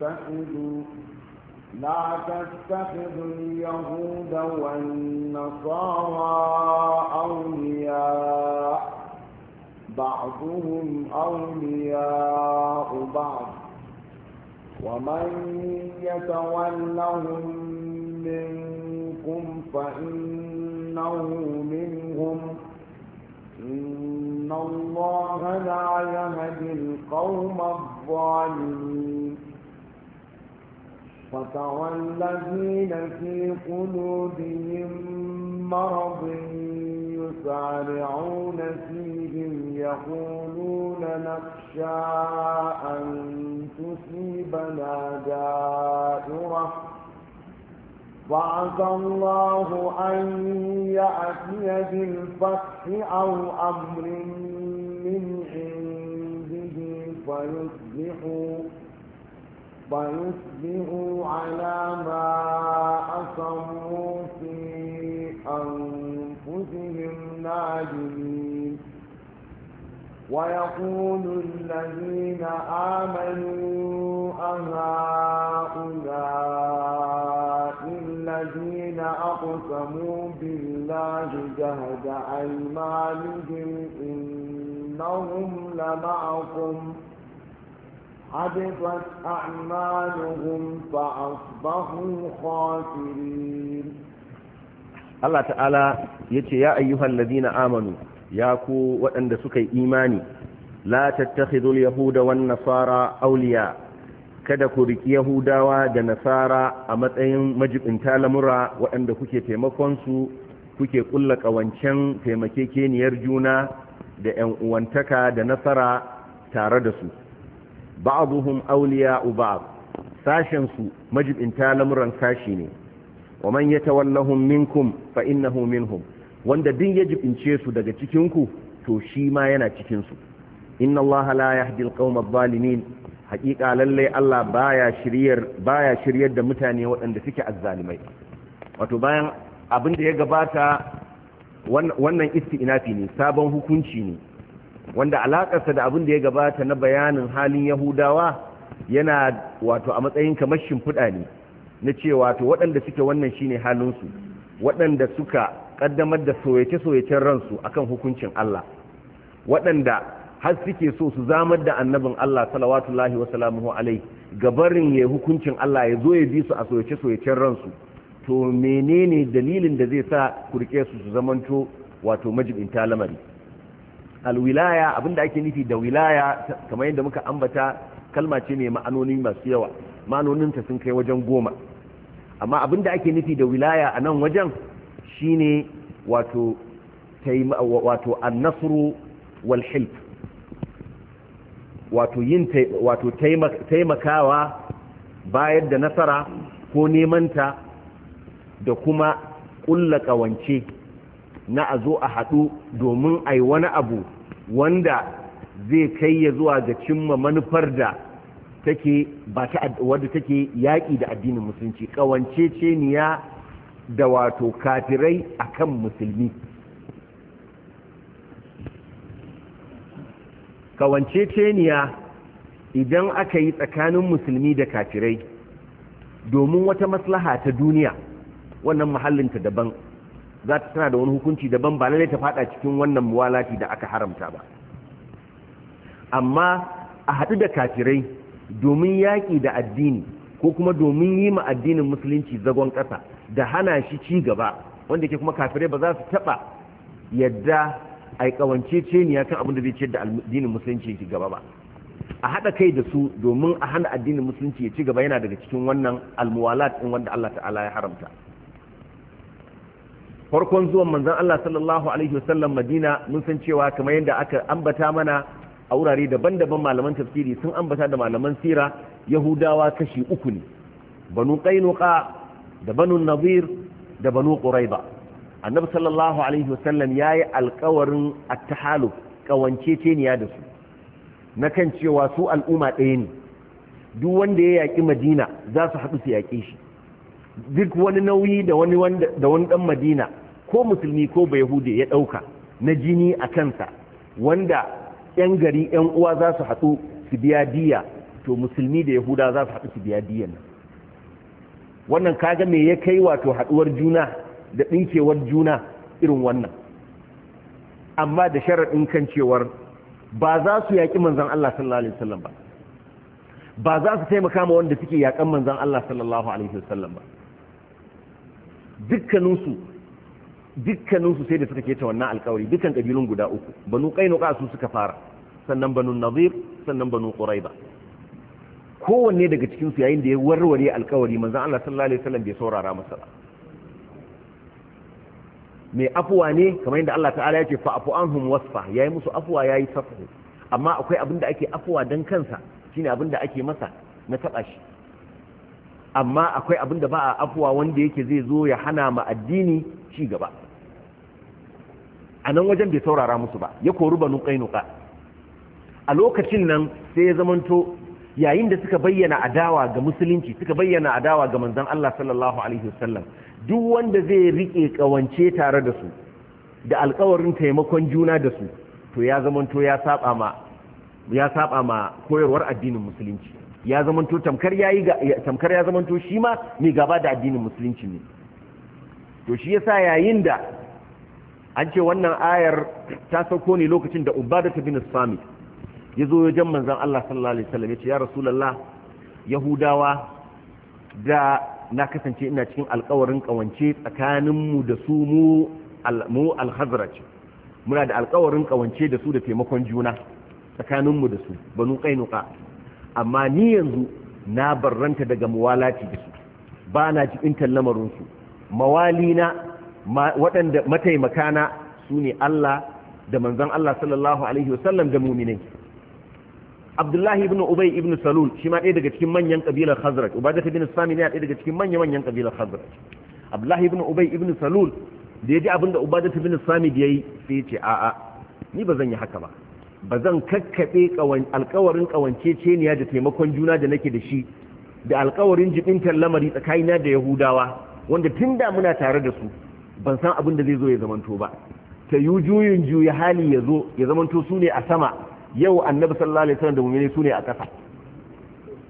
تتخذوا لا تتخذوا اليهود والنصارى أولياء بعضهم أولياء بعض ومن يتولهم منكم فإنه منهم إن الله لا يهدي القوم الظالمين فترى الذين في قلوبهم مرض يسارعون فيهم يقولون نخشى أن تصيبنا دائرة وعسى الله أن يأتي بالفتح أو أمر من عنده فيصبحوا فيصبحوا على ما أصروا في أنفسهم نادمين ويقول الذين آمنوا أهؤلاء الذين أقسموا بالله جهد أيمانهم إنهم لمعكم ۖ حبطت أعمالهم فأصبحوا خاسرين الله تعالى يتي يا أيها الذين آمنوا ياكو وأن سكي إيماني لا تتخذوا اليهود والنصارى أولياء kada ku riki Yahudawa da Nasara a matsayin majibinta lamura waɗanda kuke taimakon su kuke ƙulla ƙawancen taimakekeniyar juna da ‘yan uwantaka da nasara tare da su’ ba'dhum awliya'u ba'd sashen su majibinta lamuran sashi ne wa man yatawallahum minkum fa innahu minhum wanda din ya jibince su daga cikin ku to shi ma yana cikin su inna allaha la yahdi alqawma adh-dhalimin haqiqa lalle Allah baya shiryar baya shiryar da mutane waɗanda suke azzalimai wato bayan abin da ya gabata wannan isti'nafi ne sabon hukunci ne wanda alakarsa da abin da ya gabata na bayanin halin yahudawa yana wato a matsayin kamar shimfiɗa ne na ce wato waɗanda suke wannan shine halinsu waɗanda suka ƙaddamar da soyace-soyacen ransu akan hukuncin Allah waɗanda har suke so su zamar da annabin Allah salamu wasalamuhu alai gabarin ya hukuncin Allah ya zo ya bi su a soyace-soyacen ransu to menene dalilin da zai sa kurke su su zamanto wato majibin lamari alwilaya abinda ake nufi da wilaya kamar yadda muka ambata kalma ce ne ma'anoni masu yawa ma'anoninta sun kai wajen goma amma abinda ake nufi da wilaya a nan wajen shine wato wato annasru wal hilf wato yin wato taimakawa bayar da nasara ko nemanta da kuma ƙulla ƙawance na a zo a haɗu domin a yi wani abu wanda zai kai ya zuwa ga cimma manufar da take ta wadda take yaƙi da addinin musulunci ƙawanceceniya da wato kafirai akan musulmi kawanceceniya idan aka yi tsakanin musulmi da kafirai domin wata maslaha ta duniya wannan mahallinta daban za ta tana da wani hukunci daban ba lalle ta fada cikin wannan muwalati da aka haramta ba amma a haɗu da kafirai domin yaƙi da addini ko kuma domin yi ma addinin musulunci zagon ƙasa da hana shi ci gaba wanda ke kuma kafirai ba za su taɓa yadda a yi ƙawance ce ni kan abin da zai ciyar da addinin musulunci ci gaba ba a haɗa kai da su domin a hana addinin musulunci ya ci gaba yana daga cikin wannan almuwalat ɗin wanda Allah ta'ala ya haramta farkon zuwan manzon Allah sallallahu alaihi wasallam Madina mun san cewa kamar yadda aka ambata mana a wurare daban-daban malaman tafsiri sun ambata da malaman sira Yahudawa kashi uku ne banu qainuqa da banu nadir da banu quraiba annabi sallallahu alaihi wasallam yayi alƙawarin at-tahaluf kawanceceniya da su na kan cewa su al'umma ɗaya ne duk wanda ya yaƙi madina za su haɗu su yaƙe shi duk wani nauyi da wani da wani dan madina ko musulmi ko bai yahudi ya dauka na jini a kansa wanda yan gari yan uwa za su haɗu su biya diya to musulmi da yahuda za su haɗu su biya diyan wannan kaga me ya kai wato haɗuwar juna da dinkewar juna irin wannan amma da sharadin kan cewar ba za su yaƙi manzan Allah sallallahu alaihi wasallam ba ba za su taimaka ma wanda suke yaƙan manzan Allah sallallahu alaihi wasallam ba dukkaninsu dukkaninsu sai da suka keta wannan alkawari dukkan kabilun guda uku banu qainuqa su suka fara sannan banu nadir sannan banu quraiba kowanne daga cikin su yayin da ya warware alkawari manzon Allah sallallahu alaihi wasallam bai saurara masa ba mai afuwa ne kamar yadda Allah ta'ala yake fa afu anhum wasfa yayi musu afuwa yayi safu amma akwai abinda ake afuwa dan kansa shine abin da ake masa na taba shi amma akwai abin da ba a afuwa wanda yake zai zo ya hana ma addini ci gaba a nan wajen bai saurara musu ba ya kori banu kainuka a lokacin nan sai ya zamanto yayin da suka bayyana adawa ga musulunci suka bayyana adawa ga manzon Allah sallallahu alaihi wasallam duk wanda zai rike kawance tare da su da alkawarin taimakon juna da su to ya zamanto ya saba ma ya saba ma koyarwar addinin musulunci ya zamanto tamkar ya yi tamkar ya zamanto shi ma mai gaba da addinin musulunci ne to shi yasa yayin da an ce wannan ayar ta sauko ne lokacin da ubada bin samit yazo wajen manzon Allah sallallahu alaihi wasallam ce ya rasulullah yahudawa da na kasance ina cikin alƙawarin kawance tsakaninmu da su mu mu al muna da alƙawarin kawance da su da taimakon juna tsakaninmu da su banu qainuqa amma ni yanzu na barranta daga muwalati da su ba na jibintar lamarinsu mawalina waɗanda mataimakana su ne Allah da manzan Allah sallallahu Alaihi wasallam da muminai abdullahi ibn ubay ibn salul shi ma ɗaya daga cikin manyan ƙabilar khazraj ubada ta bin sami ne ɗaya daga cikin manya manyan ƙabilar khazraj abdullahi ibn ubay ibn salul da ya ji abin da ubada ta sami ya yi sai ya ce a'a ni ba zan yi haka ba ba zan kakkaɓe alkawarin ƙawanceceniya da taimakon juna da nake da shi da alkawarin jibintar lamari tsakanina da yahudawa wanda tun da muna tare da su ban san abin da zai zo ya zamanto ba ta yi juyin juya hali ya zo ya zamanto su ne a sama yau annabi sallallahu alaihi wasallam da mu'mini su ne a ƙasa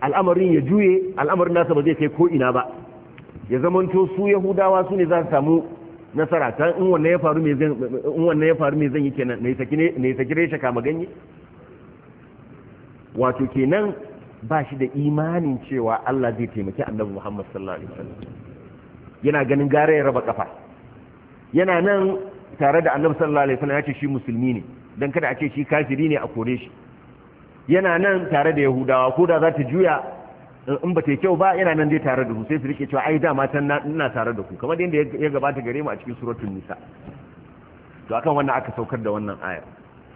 al'amarin ya juye al'amarin nasa ba zai kai ko ina ba ya zamanto su yahudawa su ne za su samu nasara ta in wannan ya faru me zan in wannan ya faru me zan yi kenan ne saki ne ne saki reshe kama ganye wato kenan ba shi da imanin cewa Allah zai taimaki Annabi Muhammad sallallahu alaihi wasallam yana ganin gare ya raba kafa yana nan tare da Annabi sallallahu alaihi wasallam ya ce shi musulmi ne dan kada a ce shi kafiri ne a kore shi yana nan tare da Yahudawa ko da za ta juya in ba ta kyau ba yana nan dai tare da ku sai su rike cewa ai dama can ina tare da ku kamar yadda ya gabata gare mu a cikin suratul nisa to akan wannan aka saukar da wannan ayar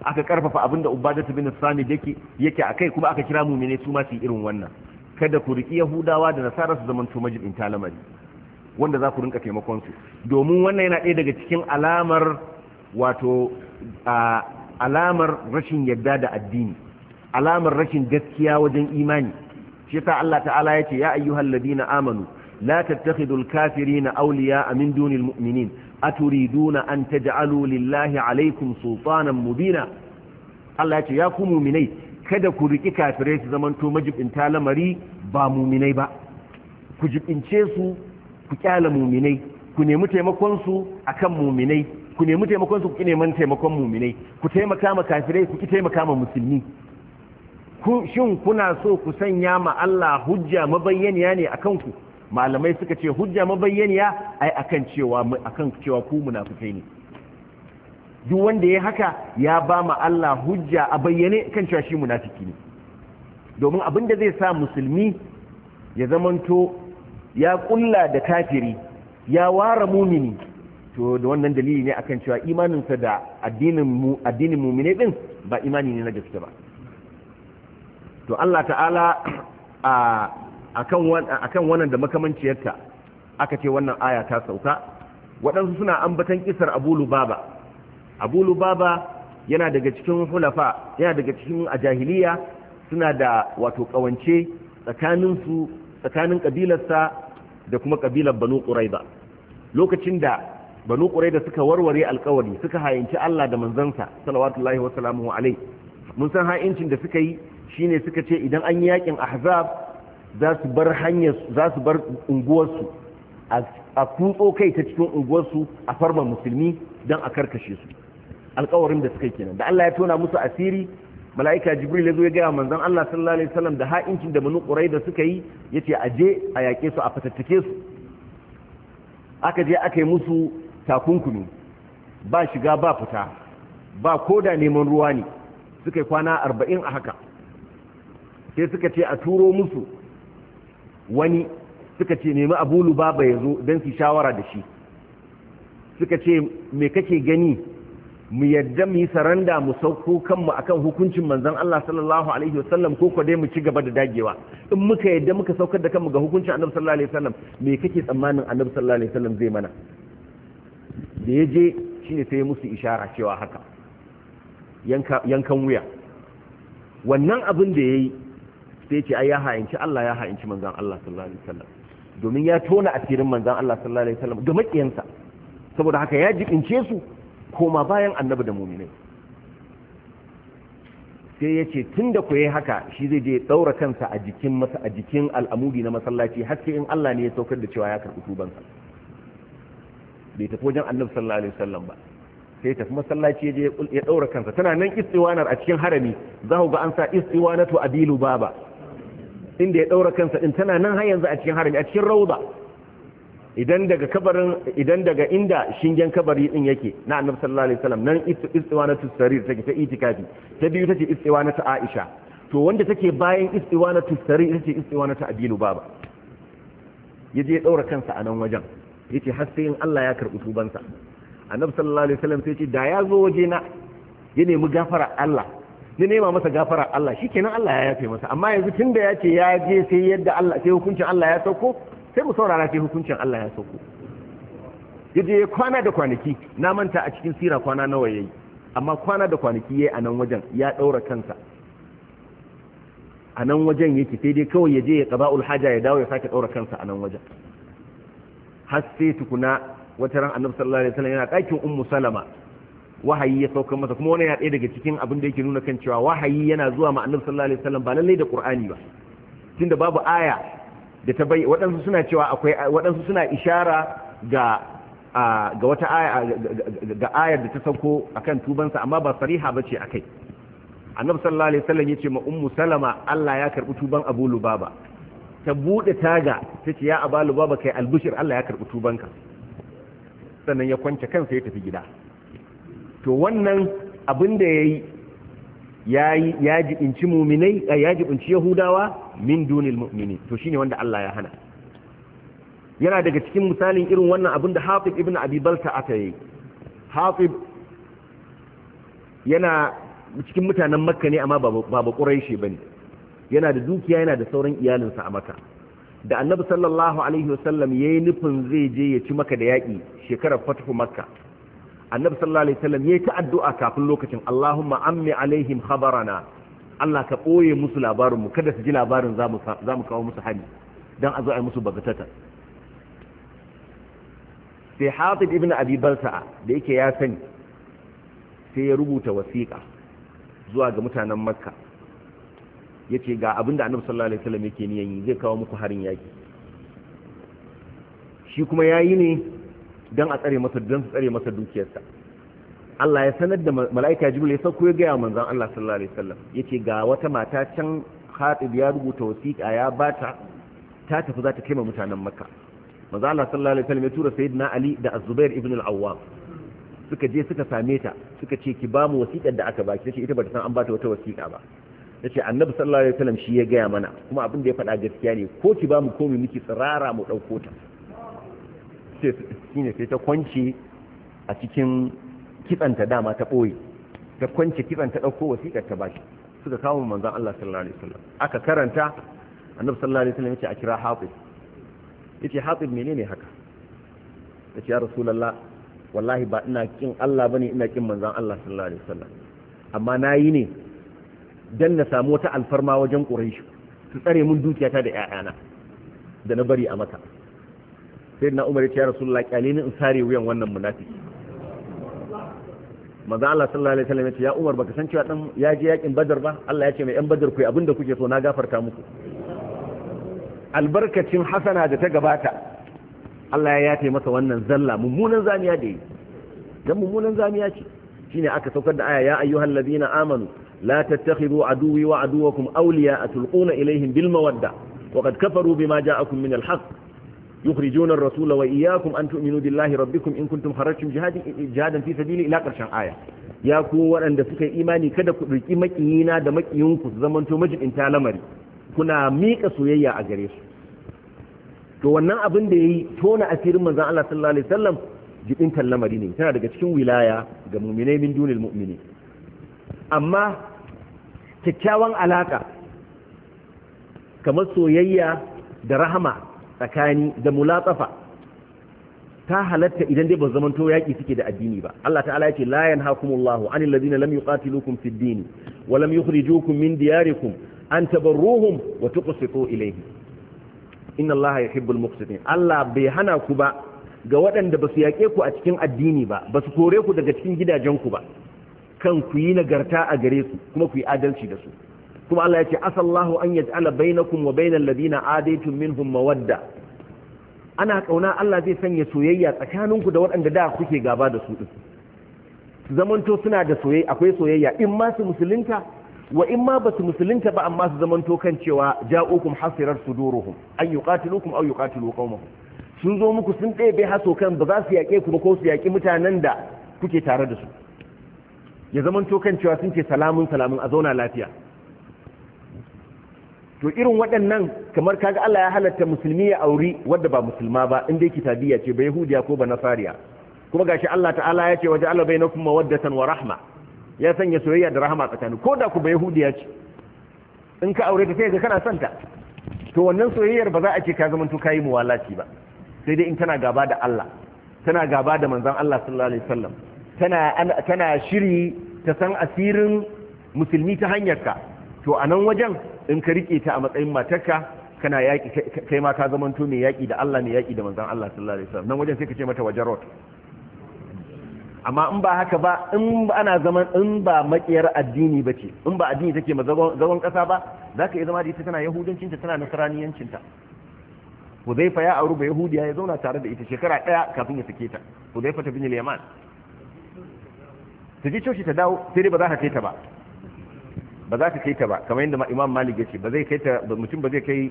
aka karfafa abinda ubadatu bin sami yake yake akai kuma aka kira mu'mine su ma su irin wannan kada ku riki yahudawa da nasara su zamanto majibin talamari wanda za ku rinka taimakon su domin wannan yana ɗaya daga cikin alamar wato alamar rashin yadda da addini alamar rashin gaskiya wajen imani Shita Allah ta'ala yace ya ayyuhal ladina amanu la tattakhidul kafirina awliya'a min dunil mu'minin aturiduna an taj'alu lillahi alaykum sultanan mubina Allah ce ya ku mu'minai kada ku riki kafirai su zamanto majibinta lamari ba mu'minai ba ku jibince su ku kyala mu'minai ku nemi taimakon su akan mu'minai ku nemi taimakon su ku neman taimakon mu'minai ku taimaka ma kafirai ku ki taimaka ma musulmi shin kuna so ku sanya ma Allah hujja mabayyaniya ne akan ku malamai suka ce hujja mabayyaniya ai akan cewa akan cewa ku munafikai ne duk wanda ya haka ya ba ma Allah hujja a bayyane kan cewa shi munafiki ne domin abin da zai sa musulmi ya zamanto ya kulla da kafiri ya ware mumini to da wannan dalili ne akan cewa imaninsa da addinin mu addinin mumine din ba imani ne na gaske ba to Allah ta'ala a kan wannan da makamanciyarta aka ce wannan aya ta sauka waɗansu suna ambatan kisar abu lubaba abu lubaba yana daga cikin hulafa yana daga cikin a jahiliya suna da wato ƙawance tsakaninsu tsakanin ƙabilarsa da kuma ƙabilar banu ƙuraiba lokacin da banu ƙuraiba suka warware alkawari suka hayanci Allah da manzansa salawatullahi wasalamu alai mun san ha'incin da suka yi Shi ne suka ce idan an yi yakin ahzab za su bar hanyar unguwarsu a kutso kai ta cikin unguwarsu a farma musulmi don a karkashe su alkawarin da suka kenan da Allah ya tona musu asiri mala'ika jibril ya zo ya gaya manzon Allah sallallahu alaihi wasallam da ha'incin da banu da suka yi yace a je a yake su a fatattake su aka je aka yi musu takunkumi ba shiga ba fita ba koda neman ruwa ne suka yi kwana arba'in a haka sai suka ce a turo musu wani suka ce nemi abu lubaba ya zo don su shawara da shi suka ce mai kake gani mu yadda mu yi saranda mu sauko kanmu akan hukuncin manzan Allah sallallahu alaihi wasallam ko ko mu ci gaba da dagewa in muka yadda muka saukar da kanmu ga hukuncin annabi sallallahu alaihi wasallam me kake tsammanin annabi sallallahu alaihi wasallam zai mana da ya je shi ne sai musu ishara cewa haka yankan wuya wannan abin da ya yi. sai ce ai ya ha'inci Allah ya ha'inci manzon Allah sallallahu alaihi wasallam domin ya tona asirin manzon Allah sallallahu alaihi wasallam ga makiyansa saboda haka ya jibince su koma bayan annabi da mu'minai sai ya ce tun da ku yi haka shi zai je daura kansa a jikin masa a jikin al'amudi na masallaci har sai in Allah ne ya saukar da cewa ya karɓi tubansa bai tafi wajen annabi sallallahu alaihi wasallam ba sai tafi masallaci ya je ya daura kansa tana nan istiwanar a cikin harami za ku ga an sa istiwanatu abilu baba inda ya daura kansa din tana nan har yanzu a cikin harami a cikin rauda idan daga kabarin idan daga inda shingen kabari din yake na annabi sallallahu alaihi wasallam nan na sarir take ta itikafi ta biyu tace ta aisha to wanda take bayan istiwanatu sarir tace ta abilu baba yaje ya daura kansa a nan wajen yace har sai in Allah ya karbi tubansa annabi sallallahu alaihi wasallam sai ce da ya zo waje na ya nemi gafara Allah Sai nema masa gafara Allah shikenan Allah ya yafe masa amma yanzu tunda ya ce ya je sai yadda Allah sai hukuncin Allah ya sauko sai mu saurara sai hukuncin Allah ya sauko yaje ya kwana da kwanaki na manta a cikin sira kwana nawa yayi amma kwana da kwanaki yayi a nan wajen ya daura kansa a nan wajen yake sai dai kawai ya je ya qada'ul haja ya dawo ya sake daura kansa a nan wajen har sai tukuna wata ran annabi sallallahu alaihi wasallam yana ɗakin ummu salama wahayi ya sauka masa kuma wani ya ɗaya daga cikin abin da yake nuna kan cewa wahayi yana zuwa ma annabi sallallahu alaihi wasallam ba lallai da qur'ani ba tunda babu aya da ta bai waɗansu suna cewa akwai waɗansu suna ishara ga ga wata aya ga ayar da ta sauko akan tubansa amma ba sariha bace akai annabi sallallahu alaihi wasallam yace ma ummu salama Allah ya karbi tuban abu lubaba ta bude taga tace ya abalu lubaba kai albushir Allah ya karbi tubanka sannan ya kwance kansa ya tafi gida to wannan abin da ya yi ya jibinci mu'minai eh, ya jibinci yahudawa min dunil mu'mini to shine wanda Allah ya hana yana daga cikin misalin irin wannan abin da Hafif ibn Abi Balta aka yi Hafid yana cikin mutanen Makka ne amma ba ba Quraishi bane yana da dukiya yana da sauran iyalinsa a Makka da Annabi sallallahu alaihi wasallam yayi nufin zai je ya ci maka da yaƙi, shekarar Fathu Makka annabi sallallahu alaihi wasallam yayi ta addu'a kafin lokacin Allahumma ammi alaihim khabarana Allah ka boye musu labarin mu kada su ji labarin zamu zamu kawo musu hari dan a zo ai musu bagatata sai Hatib ibn Abi Balta'a da yake ya sani sai ya rubuta wasiƙa zuwa ga mutanen Makka yace ga abinda annabi sallallahu alaihi wasallam yake niyan yi zai kawo muku harin yaki shi kuma yayi ne don a tsare masa don su tsare masa dukiyarsa Allah ya sanar da mala'ika Jibril ya sauko ya gaya manzon Allah sallallahu alaihi wasallam yace ga wata mata can Khatib ya rubuta wasiƙa ya bata ta tafi za ta kai mutanen Makka manzo Allah sallallahu alaihi wasallam ya tura sayyidina Ali da Az-Zubair ibn al-Awwam suka je suka same ta suka ce ki ba mu wasiƙar da aka baki tace ita bata san an bata wata wasiƙa ba tace Annabi sallallahu alaihi wasallam shi ya gaya mana kuma abin da ya faɗa gaskiya ne ko ki ba mu komi miki tsirara mu ɗauko ta shine sai ta kwance a cikin kitsanta dama ta ɓoye ta kwance kitsanta ɗauko wasiƙar ta bashi suka kawo manzan Allah sallallahu alaihi wasallam aka karanta annabi sallallahu alaihi wasallam yace a kira hatib yace hatib menene haka yace ya rasulullah wallahi ba ina kin Allah bane ina kin manzan Allah sallallahu alaihi wasallam amma nayi ne dan na samu wata alfarma wajen quraish su tsare mun dukiyata da ƴaƴana da na bari a maka sai na umar ya rasu kyale ni in sare wuyan wannan munafiki maza Allah sallallahu alaihi wasallam ya ya umar baka san cewa dan ya je yakin badar ba Allah ya ce mai yan badar ku abinda kuke so na gafarta muku albarkacin hasana da ta gabata Allah ya yafe masa wannan zalla mummunan zamiya da yi dan mummunan zamiya ce shine aka saukar da aya ya ayyuhal ladina amanu la tattakhidhu aduwwi wa aduwwakum awliya tulquna ilaihim bil mawadda وقد كفروا بما جاءكم من الحق yukhrijuna ar-rasula wa iyyakum an tu'minu billahi rabbikum in kuntum kharajtum jihadin jihadan fi sabili ila karshen aya ya ku waɗanda suka yi imani kada ku riki makiyina da makiyinku su zamanto majibin lamari kuna miƙa soyayya a gare su to wannan abin da ya yi tona asirin manzon Allah sallallahu alaihi wasallam jibin lamari ne tana daga cikin wilaya ga mu'minai min dunil amma kyakkyawan alaƙa kamar soyayya da rahama tsakani da mulatsafa ta halatta idan dai ba zamanto yaƙi suke da addini ba Allah ta'ala ya ce la yanhakumullahu anil ladina lam yuqatilukum fid din wa lam yukhrijukum min diyarikum an tabarruhum wa tuqsitu ilayhi inna Allah yuhibbul muqsitin Allah bai hana ku ba ga waɗanda ba su yaƙe ku a cikin addini ba ba su kore ku daga cikin gidajen ku ba kan ku yi nagarta a gare su kuma ku yi adalci da su kuma Allah ya ce asallahu an ta'ala bainakum wa bainal ladina adaytum minhum mawadda ana kauna Allah zai sanya soyayya tsakaninku da waɗanda da kuke gaba da su din su zamanto suna da soyayya akwai soyayya in ma su musulunta wa in ma ba su musulunta ba amma su zamanto kan cewa ja'ukum hasirar suduruhum an yuqatilukum aw yuqatilu qaumahum sun zo muku sun bai haso kan ba za su yaƙe ku ba ko su yaƙi mutanen da kuke tare da su ya zamanto kan cewa sun ce salamun salamun a zauna lafiya to irin waɗannan kamar kaga Allah ya halatta musulmi ya auri wanda ba musulma ba inda yake tabiya ce ba yahudiya ko ba nasariya kuma gashi Allah ta'ala ya ce waje Allah bainakum mawaddatan wa rahma ya sanya soyayya da rahama tsakani ko da ku ba yahudiya ce in ka aure ta sai ka kana son ta to wannan soyayyar ba za a ce ka zama to kai muwalaci ba sai dai in tana gaba da Allah tana gaba da manzon Allah sallallahu alaihi wasallam tana tana shiri ta san asirin musulmi ta hanyarka to a nan wajen in ka rike ta a matsayin matarka kana yaƙi kai ma ka zamanto mai yaƙi da Allah mai yaƙi da manzon Allah sallallahu alaihi wasallam nan wajen sai ka ce mata wajarot amma in ba haka ba in ana zaman in ba makiyar addini ba ce in ba addini take ma zagon kasa ba za ka iya zama da ita tana yahudancinta tana ta huzaifa ya auru ba yahudiya ya zauna tare da ita shekara ɗaya kafin ya sake ta huzaifa ta bin yaman ta ji coci ta dawo sai dai ba za ta ta ba ba za ta kai ta ba kamar yadda imam malik ya ce ba zai kai ta mutum ba zai kai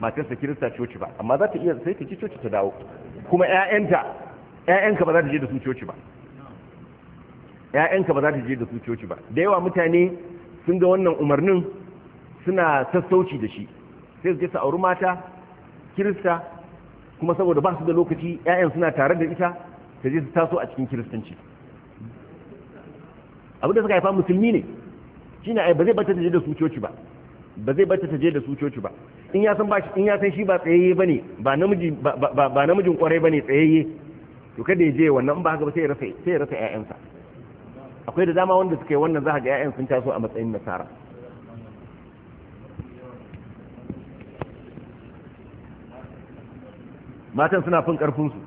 matarsa kirista coci ba amma za ta iya sai ta ci coci ta dawo kuma ƴaƴanta ƴaƴanka ba za ta je da su coci ba ƴaƴanka ba za ta je da su coci ba da yawa mutane sun ga wannan umarnin suna sassauci da shi sai su je su auri mata kirista kuma saboda ba su da lokaci ƴaƴan suna tare da ita ta je su taso a cikin kiristanci abin da suka haifa musulmi ne shine ai ba zai bata je da su coci ba ba zai bata je da su coci ba in ya san ba in ya san shi ba tsayayye bane ba namiji ba ba namijin kwarai bane tsayayye to kada ya je wannan ba haka ba sai ya rasa sai ya rasa ƴaƴansa akwai da dama wanda suke wannan za ka ga ƴaƴan sun taso a matsayin nasara matan suna fin ƙarfinsu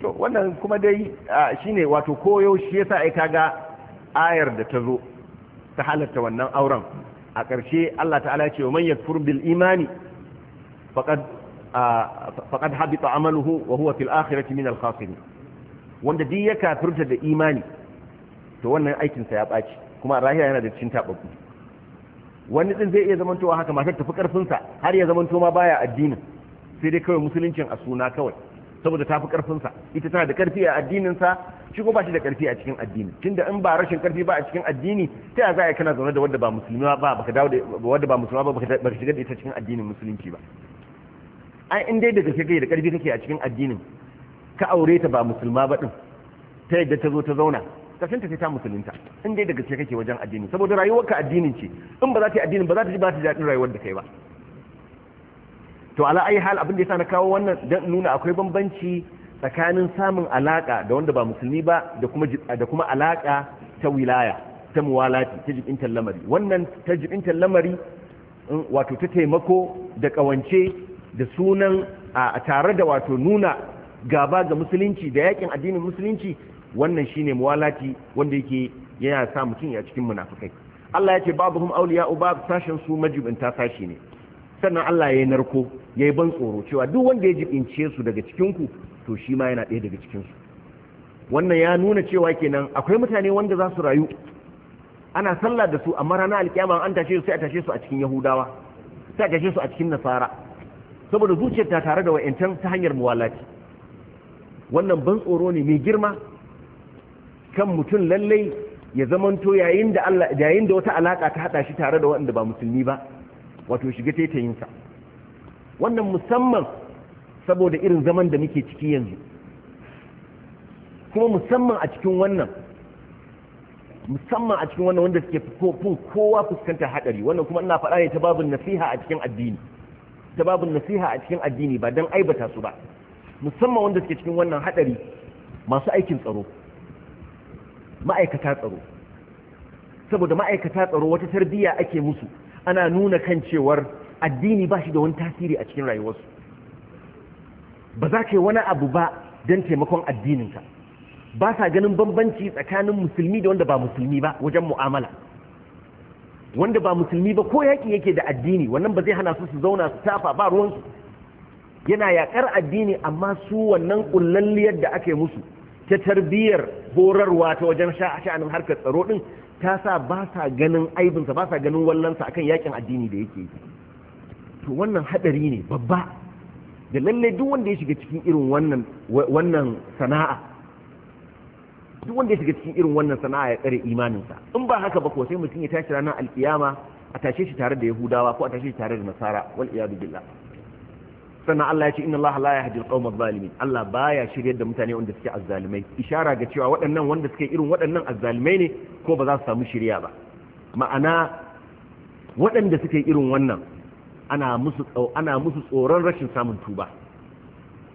to wannan kuma dai shine wato koyo shi yasa ai kaga ayar da ta zo ta halatta wannan auren a ƙarshe Allah ta'ala ce wa man yakfur bil imani faqad faqad habita amaluhu wa huwa fil akhirati min al khasirin wanda duk ya kafirta da imani to wannan aikin sa ya baci kuma rahiya yana da cikin tababbu wani din zai iya zamantowa haka matar tafi karfin sa har ya zamanto ma baya addinin sai dai kawai musuluncin a suna kawai saboda tafi ƙarfinsa, ita tana da karfi a addininsa shi ko ba shi da karfi a cikin addini tunda in ba rashin karfi ba a cikin addini ta ya za a kana zaune da wanda ba musulmi ba baka dawo da wanda ba musulmi ba baka shiga da ita cikin addinin musulunci ba ai in dai da kake kai da karfi kake a cikin addinin ka aure ta ba musulma ba din ta yadda ta zo ta zauna ka ta sai ta musulunta in dai da gaske kake wajen addini saboda rayuwarka addinin ce in ba za ta yi addinin ba za ta ji ba ta ji daɗin rayuwar da kai ba to ala ayi hal abin da yasa na kawo wannan dan nuna akwai bambanci tsakanin samun alaka da wanda ba musulmi ba da kuma da kuma alaka ta wilaya ta muwalati ta jibin lamari wannan ta jibin lamari wato ta taimako da kawance da sunan a tare da wato nuna gaba ga musulunci da yakin addinin musulunci wannan shine muwalati wanda yake yana sa mutum ya cikin munafikai Allah ya ce babu hum auliya babu sashen su ta sashi ne sannan Allah ya yi narko ya yi ban tsoro cewa duk wanda ya jibince su daga cikinku to shi ma yana ɗaya daga cikinsu wannan ya nuna cewa kenan akwai mutane wanda za su rayu ana sallah da su amma rana alkiyama an tashe su sai a tashe su a cikin yahudawa sai a tashe su a cikin nasara saboda zuciyar ta tare da wa'yancan ta hanyar muwalati wannan ban tsoro ne mai girma kan mutum lallai ya zamanto yayin da wata alaka ta haɗa shi tare da waɗanda ba musulmi ba wato shiga taitayinsa wannan musamman saboda irin zaman da muke ciki yanzu kuma musamman a cikin wannan musamman a cikin wannan wanda suke fin kowa fuskantar hadari wannan kuma ina faɗa ne ta babin nasiha a cikin addini ta babin nasiha a cikin addini ba don aibata su ba musamman wanda suke cikin wannan hadari masu aikin tsaro ma'aikata tsaro saboda ma'aikata tsaro wata tarbiyya ake musu ana nuna kan cewar addini ba shi da wani tasiri a cikin rayuwarsu ba za ka yi wani abu ba don taimakon addininka ba sa ganin bambanci tsakanin musulmi da wanda ba musulmi ba wajen mu'amala wanda ba musulmi ba ko yaƙi yake da addini wannan ba zai hana su su zauna su tafa ba ruwansu yana yaƙar addini amma su wannan ƙullalliyar da ake musu ta tarbiyyar horarwa ta wajen sha'anin harkar tsaro ɗin ta sa ba sa ganin aibinsa ba sa ganin wallansa akan yakin addini da yake to wannan hadari ne babba da lalle duk wanda ya shiga cikin irin wannan wannan sana'a duk wanda ya shiga cikin irin wannan sana'a ya tsare imaninsa in ba haka ba ko sai mutum ya tashi ranar alkiyama a tashe shi tare da yahudawa ko a tashe shi tare da nasara wal iyadu billah sannan Allah ya ce inna Allah la yahdi al qawm adh-dhalimin Allah baya shiryar da mutane wanda suke azzalimai ishara ga cewa waɗannan wanda suke irin waɗannan azzalimai ne ko ba za su samu shiriya ba ma'ana waɗanda suke irin wannan ana musu ana musu tsoron rashin samun tuba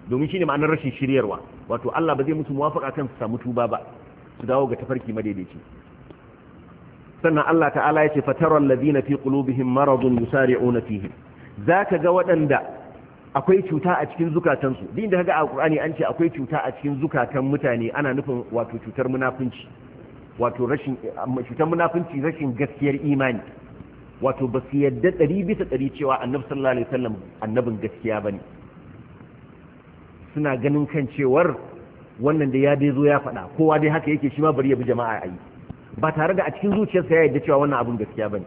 domin shine ma'anar rashin shiryarwa wato Allah ba zai musu muwafaka kan su samu tuba ba su dawo ga tafarki madaidaici sannan Allah ta'ala ya ce fataral ladina fi qulubihim maradun yusari'una fihi zaka ga waɗanda akwai cuta a cikin zukatansu din da kaga a Qur'ani an ce akwai cuta a cikin zukatan mutane ana nufin wato cutar munafunci wato rashin cutar munafunci rashin gaskiyar imani wato ba su yadda ɗari bisa ɗari cewa annabi sallallahu alaihi wasallam annabin gaskiya bane suna ganin kan cewar wannan da ya dai zo ya faɗa kowa dai haka yake shi ma bari ya bi jama'a a yi ba tare da a cikin zuciyarsa ya yadda cewa wannan abin gaskiya bane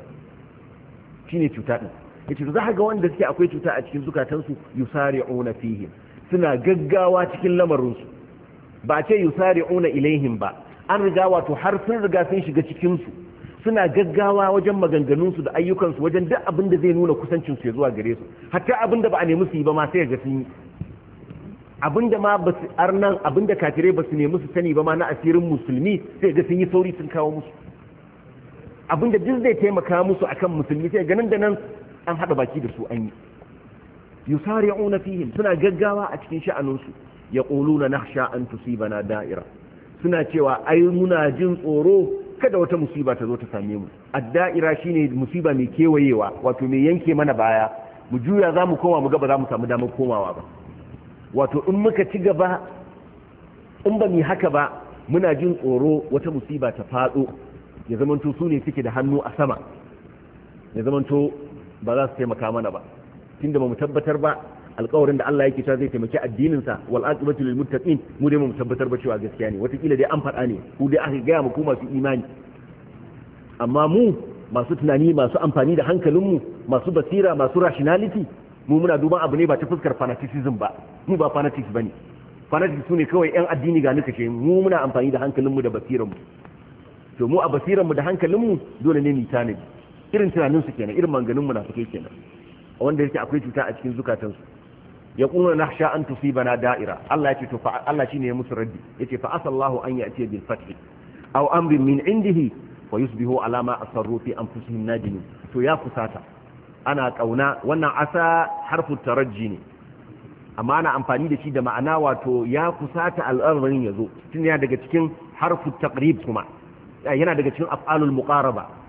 shine cuta din yace to za ga wanda suke akwai cuta a cikin zukatansu yusari'una fihim suna gaggawa cikin lamarinsu ba ce yusari'una ilaihim ba an riga wato har sun riga sun shiga cikin su suna gaggawa wajen maganganunsu da ayyukansu wajen duk abin da zai nuna kusancinsu ya zuwa gare su hatta abin da ba a nemi su yi ba ma sai ga sun yi abin da ma ba su arnan abin da katire ba su nemi su sani ba ma na asirin musulmi sai ga sun yi sauri sun kawo musu abin da duk zai taimaka musu akan musulmi sai ganin da nan an haɗa baki da su an yi yusari'una fihim suna gaggawa a cikin sha'aninsu yaquluna nahsha an tusibana da'ira suna cewa ai muna jin tsoro kada wata musiba ta zo ta same mu A daira shine musiba mai kewayewa wato mai yanke mana baya mu juya za mu koma mu ga za mu samu damar komawa ba wato in muka ci gaba in ba mu haka ba muna jin tsoro wata musiba ta faɗo ya zamanto su ne suke da hannu a sama ya zamanto ba za su taimaka mana ba tunda ba mu tabbatar ba alƙawarin da Allah yake cewa zai taimaki addininsa wal aqibatu lil muttaqin mu dai mu tabbatar ba cewa gaskiya ne watakila dai an faɗa ne ku dai aka gaya muku masu imani amma mu masu tunani masu amfani da mu masu basira masu rationality mu muna duban abu ne ba ta fuskar fanaticism ba mu ba fanatics bane fanatics sune kawai yan addini ga nuka ce mu muna amfani da mu da mu to mu a mu da hankalin mu dole ne mu tanadi irin tunaninsu kenan irin manganin munafikai kenan wanda yake akwai cuta a cikin zukatansu ya kuna na sha an tufi bana da'ira Allah ya ce to fa Allah shine ya musu raddi yace fa asallahu an ya'ti bil fath aw amrin min indihi wa yusbihu ala ma asarru fi anfusihim nadimin to ya kusata ana kauna wannan asa harfu taraji ne amma ana amfani da shi da ma'ana wato ya kusata al'amarin yazo tun yana daga cikin harfu taqrib kuma yana daga cikin af'alul muqaraba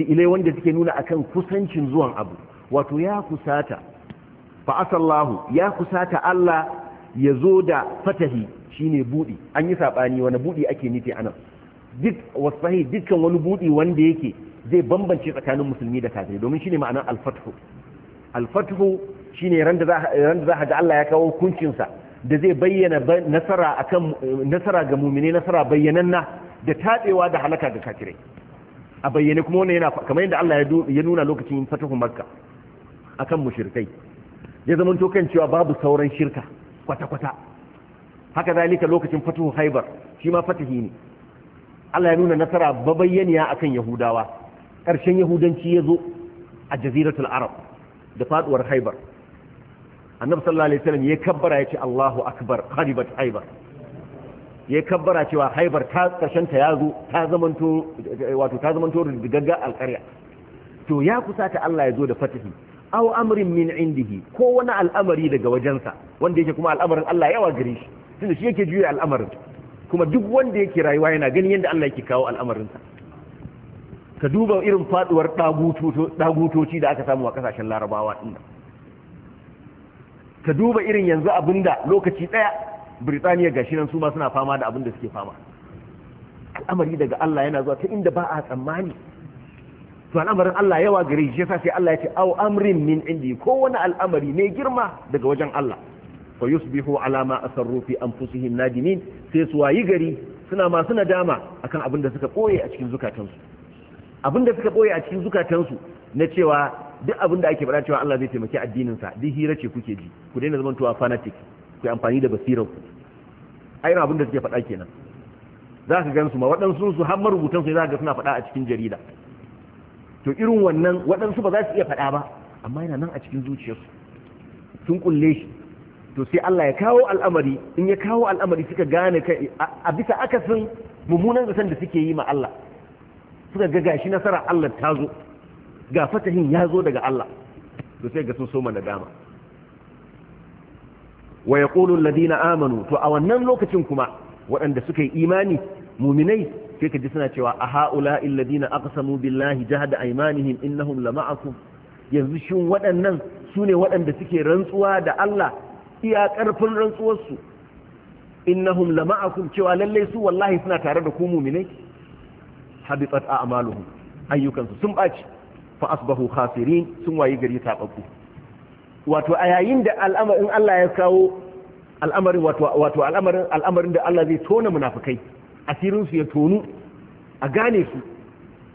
fi'ilai wanda suke nuna akan kusancin zuwan abu wato ya kusata fa asallahu ya kusata Allah ya zo da fatahi shine budi an yi sabani wani budi ake nufi anan duk wasahi dukkan wani budi wanda yake zai bambance tsakanin musulmi da kafiri domin shine ma'anar al-fathu al-fathu shine randa za randa za ga Allah ya kawo hukuncin sa da zai bayyana nasara akan nasara ga mu'mini nasara bayyananna da tabewa da halaka ga kafirai a bayyane kuma wannan yana kamar yadda Allah ya nuna lokacin fatahu makka akan mushrikai ya zama to kan cewa babu sauran shirka kwata-kwata haka zalika lokacin fatahu haibar shi ma fatahi ne Allah ya nuna nasara babayyaniya akan yahudawa ƙarshen yahudanci ya zo a jaziratul arab da faduwar haibar annabi sallallahu alaihi wasallam ya kabbara ya ce Allahu akbar haribat haibar ya kabbara cewa haibar ta ƙarshen ta yazo ta zamanto wato ta zamanto rigagga alƙarya to ya kusa ta Allah ya zo da fatihi aw amrin min indihi ko wani al'amari daga wajensa wanda yake kuma al'amarin Allah yawa gare shi tunda shi yake juya al'amarin kuma duk wanda yake rayuwa yana ganin yadda Allah yake kawo al'amarinsa ka duba irin faduwar dagutoci da aka samu a kasashen larabawa ɗin ka duba irin yanzu abinda lokaci ɗaya birtaniya gashi nan su ma suna fama da abin da suke fama al'amari daga Allah yana zuwa ta inda ba a tsammani to al'amarin Allah yawa gare shi yasa sai Allah ya ce aw amrin min indi ko wani al'amari ne girma daga wajen Allah fa yusbihu ala ma asarru fi anfusihim nadimin sai su wayi gari suna masu nadama akan abin da suka koye a cikin zukatansu abin da suka koye a cikin zukatansu na cewa duk abin da ake faɗa cewa Allah zai taimaki addinin sa duk hira ce kuke ji ku daina zaman tuwa fanatic ke amfani da basirar ku ai abin da suke faɗa kenan za ka gansu ma waɗansu su har su za ka suna faɗa a cikin jarida to irin wannan waɗansu ba za su iya faɗa ba amma yana nan a cikin zuciyarsu sun kulle shi to sai Allah ya kawo al'amari in ya kawo al'amari suka gane kai a bisa akasin mummunan zaton da suke yi ma Allah suka ga gashi nasara Allah ta zo ga fatahin ya zo daga Allah to sai ga sun soma nadama wa yaqulu Ladina amanu to a wannan lokacin kuma waɗanda suka yi imani muminai sai ka ji suna cewa a ha'ula alladhina aqsamu billahi jahada aymanihim innahum lama'akum yanzu shi waɗannan su ne waɗanda suke rantsuwa da Allah iya ƙarfin rantsuwarsu innahum lama'akum cewa lallai su wallahi suna tare da ku muminai habitat a'maluhum ayyukansu sun ɓaci fa asbahu khasirin sun wayi gari taɓaɓɓu wato a yayin da al'amarin Allah ya kawo al'amarin wato al'amarin al'amarin da Allah zai tona munafikai asirin su ya tonu a gane su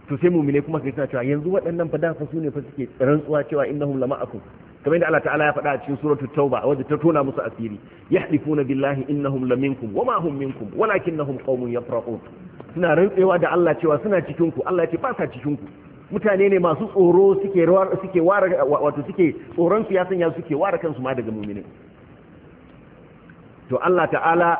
to sai mu'mine kuma kai suna cewa yanzu waɗannan fa dafa su ne fa suke rantsuwa cewa innahum lama'akum kamar yadda Allah ta'ala ya faɗa a cikin suratul tauba wanda ta tona musu asiri yahdifuna billahi innahum laminkum wama hum minkum walakinnahum qaumun yafraqun suna rantsewa da Allah cewa suna cikin ku Allah ya ce ba sa cikin ku mutane ne masu tsoro suke suke ware wato suke tsoron su ya sanya suke ware kansu ma daga mu'minin to Allah ta'ala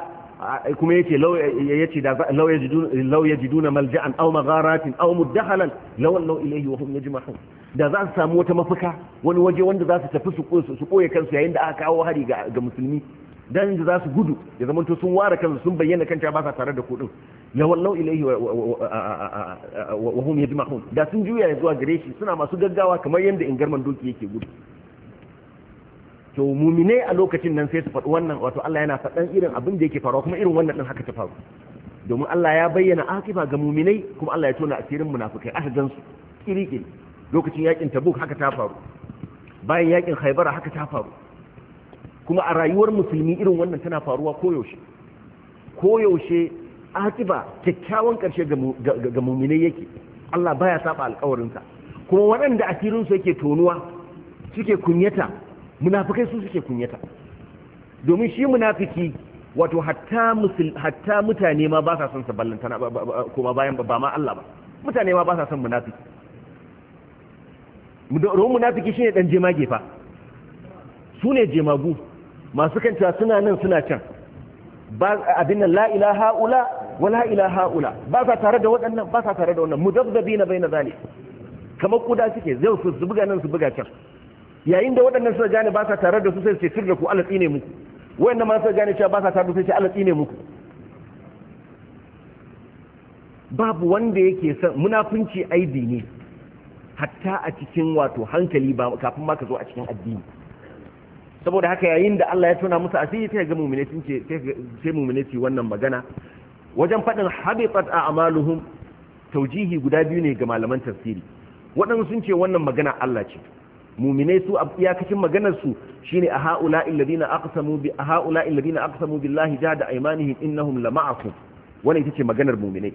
kuma yace law yace da law yajidun law yajidun malja'an aw magharatin aw mudakhalan law law ilayhi wa hum yajma'un da za su samu wata mafuka wani waje wanda za su tafi su koye kansu yayin da aka kawo hari ga musulmi dan inda za su gudu ya zama sun ware kansu sun bayyana kanta ba sa tare da kudin ya wallau ilaihi wa hum yajma'un da sun juya zuwa gare shi suna masu gaggawa kamar yadda ingarman doki yake gudu to mu'mine a lokacin nan sai su faɗi wannan wato Allah yana faɗan irin abin da yake faruwa kuma irin wannan din haka ta faru domin Allah ya bayyana akifa ga muminai kuma Allah ya tona asirin munafikai aka gan su kiri lokacin yakin Tabuk haka ta faru bayan yakin khaybar haka ta faru kuma a rayuwar musulmi irin wannan tana faruwa koyaushe koyaushe akiba kyakkyawan karshe ga muminai yake Allah baya saba alkawarinsa kuma waɗanda asirinsu yake tonuwa suke kunyata munafikai su suke kunyata domin shi munafiki wato hatta hatta mutane ma ba sa son sa ballantana kuma bayan ba ma Allah ba mutane ma ba sa son munafiki ruwan munafiki shine dan jemage fa su ne jemagu masu kanta suna nan suna can ba abin nan la ilaha ula Laila ilaha ula ba sa tare da waɗannan ba sa tare da wannan mudabdabina baina zalik kamar kuda suke zai su zubuga nan su buga can yayin da waɗannan suna gane ba sa tare da su sai su sirra ku alatsi ne muku wayannan ma gane cewa ba sa tare da su sai alatsi ne muku babu wanda yake san munafunci aibi ne hatta a cikin wato hankali ba kafin ma ka zo a cikin addini saboda haka yayin da Allah ya tona musu asiri sai ga mu'mini sun ce sai mu'mini wannan magana wajen fadin habibat a'maluhum taujihi guda biyu ne ga malaman tafsiri wadan sun ce wannan magana Allah ce mu'mini su iyakacin maganar su shine a haula alladhina aqsamu bi haula alladhina aqsamu billahi jahada aymanihim innahum lama'akum wannan ita ce maganar mu'mini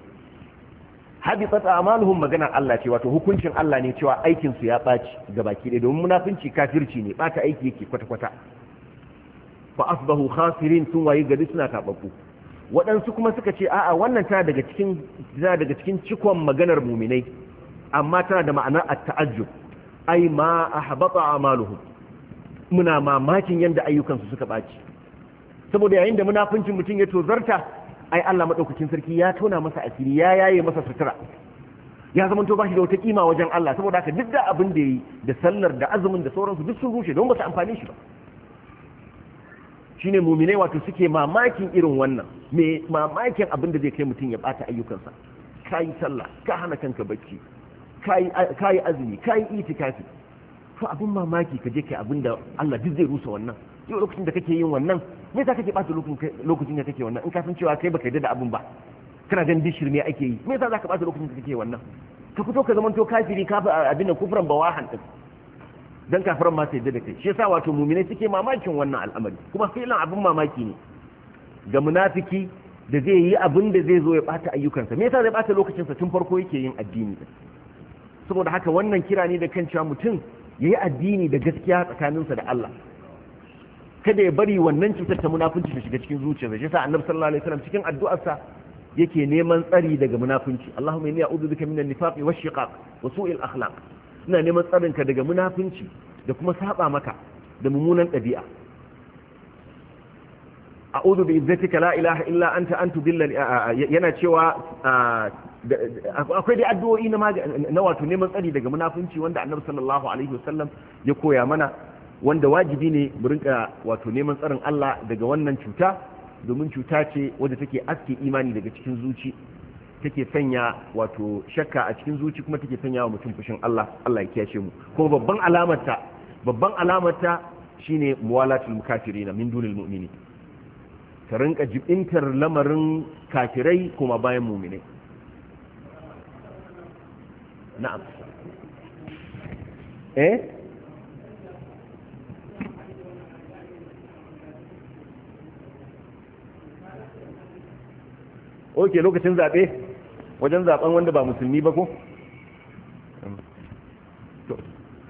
habitat amaluhum maganar Allah ce wato hukuncin Allah ne cewa aikin su ya baci gabaki ɗaya domin munafinci kafirci ne bata aiki yake kwata kwata fa asbahu khasirin sun waye gari suna tababbu waɗansu kuma suka ce a'a wannan tana daga cikin tana daga cikin cikon maganar muminai amma tana da ma'anar at-ta'ajjub ai ma ahbata amaluhum muna mamakin yanda ayyukansu suka baci saboda yayin da munafincin mutum ya tozarta ai Allah madaukakin sarki ya tona masa asiri ya yaye masa sutura ya zama to bashi da wata kima wajen Allah saboda haka duk da abin da yi da sallar da azumin da sauransu duk sun rushe don ba su amfane shi ba shine muminai wato suke mamakin irin wannan me mamakin abin da zai kai mutum ya bata ayyukansa kai sallah ka hana kanka bacci kayi azumi kayi itikafi to abin mamaki ka je kai abin da Allah duk zai rusa wannan yau lokacin da kake yin wannan me yasa kake bata lokacin da kake wannan in ka san cewa kai baka yarda da abun ba kana gan dishir shirme ake yi me yasa zaka bata lokacin da kake wannan ka fito ka zamanto kafiri ka abin da kufran wahan din dan kafiran ma sai da kai shi yasa wato mu'minai suke mamakin wannan al'amari kuma filan abin mamaki ne ga munafiki da zai yi abin da zai zo ya bata ayyukansa me yasa zai bata lokacinsa tun farko yake yin addini saboda haka wannan kira ne da kan cewa mutum yayi addini da gaskiya tsakaninsa da Allah kada ya bari wannan cutar ta munafunci ta shiga cikin zuciyarsa shi yasa annabi sallallahu alaihi wasallam cikin addu'arsa yake neman tsari daga munafunci Allahumma inni a'udhu bika minan nifaqi wash shiqaq wa su'il akhlaq ina neman tsarin ka daga munafunci da kuma saba maka da mummunan ɗabi'a a'udhu bi izzatika la ilaha illa anta an tudilla yana cewa akwai dai addu'o'i na wato neman tsari daga munafunci wanda annabi sallallahu alaihi wasallam ya koya mana wanda wajibi ne mu rinka wato neman tsarin Allah daga wannan cuta domin cuta ce wadda take aske imani daga cikin zuci take sanya wato shakka a cikin zuci kuma take sanya wa mutum fushin Allah Allah ya kiyashe mu kuma babban alamarta babban alamarta shine muwalatul mukafirina min dunil mu'mini ta rinka jibintar lamarin kafirai kuma bayan mu'mini na'am eh oke lokacin zaɓe wajen zaɓen wanda ba musulmi ba ko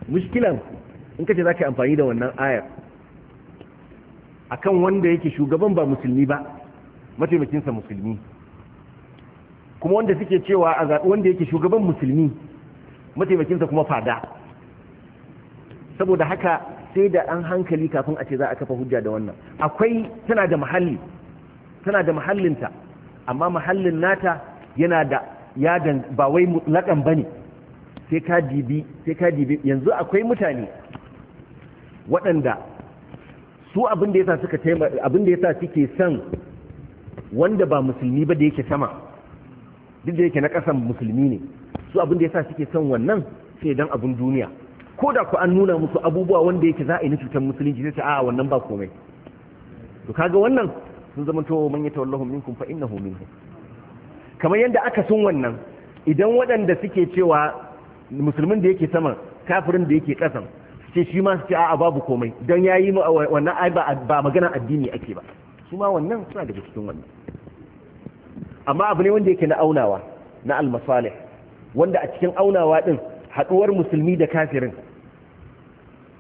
mushkilan in kace za ka yi amfani da wannan ayar a kan wanda yake shugaban ba musulmi ba mataimakinsa musulmi kuma wanda suke cewa a zaɓi wanda yake shugaban musulmi mataimakinsa kuma fada saboda haka sai da an hankali kafin a ce za a kafa hujja da wannan akwai tana da mahalli tana da mahallinta amma mahallin nata yana da ya ba wai mutlaƙan ba ne sai ka dibi sai ka dibi yanzu akwai mutane waɗanda su abin da yasa suka taima abin da yasa suke son wanda ba musulmi ba da yake sama duk da yake na ƙasan musulmi ne su abin da yasa suke son wannan sai dan abin duniya ko da ku an nuna musu abubuwa wanda yake za a yi na cutar musulunci sai ta a wannan ba komai to kaga wannan sun zama to man yatawallahu minkum fa innahu minhum kamar yadda aka sun wannan idan waɗanda suke cewa musulmin da yake sama kafirin da yake ƙasan sai shi ma sai a a'a babu komai don yayi wannan ai ba magana addini ake ba su ma wannan suna daga cikin wannan amma abu ne wanda yake na aunawa na almasalih wanda a cikin aunawa din haduwar musulmi da kafirin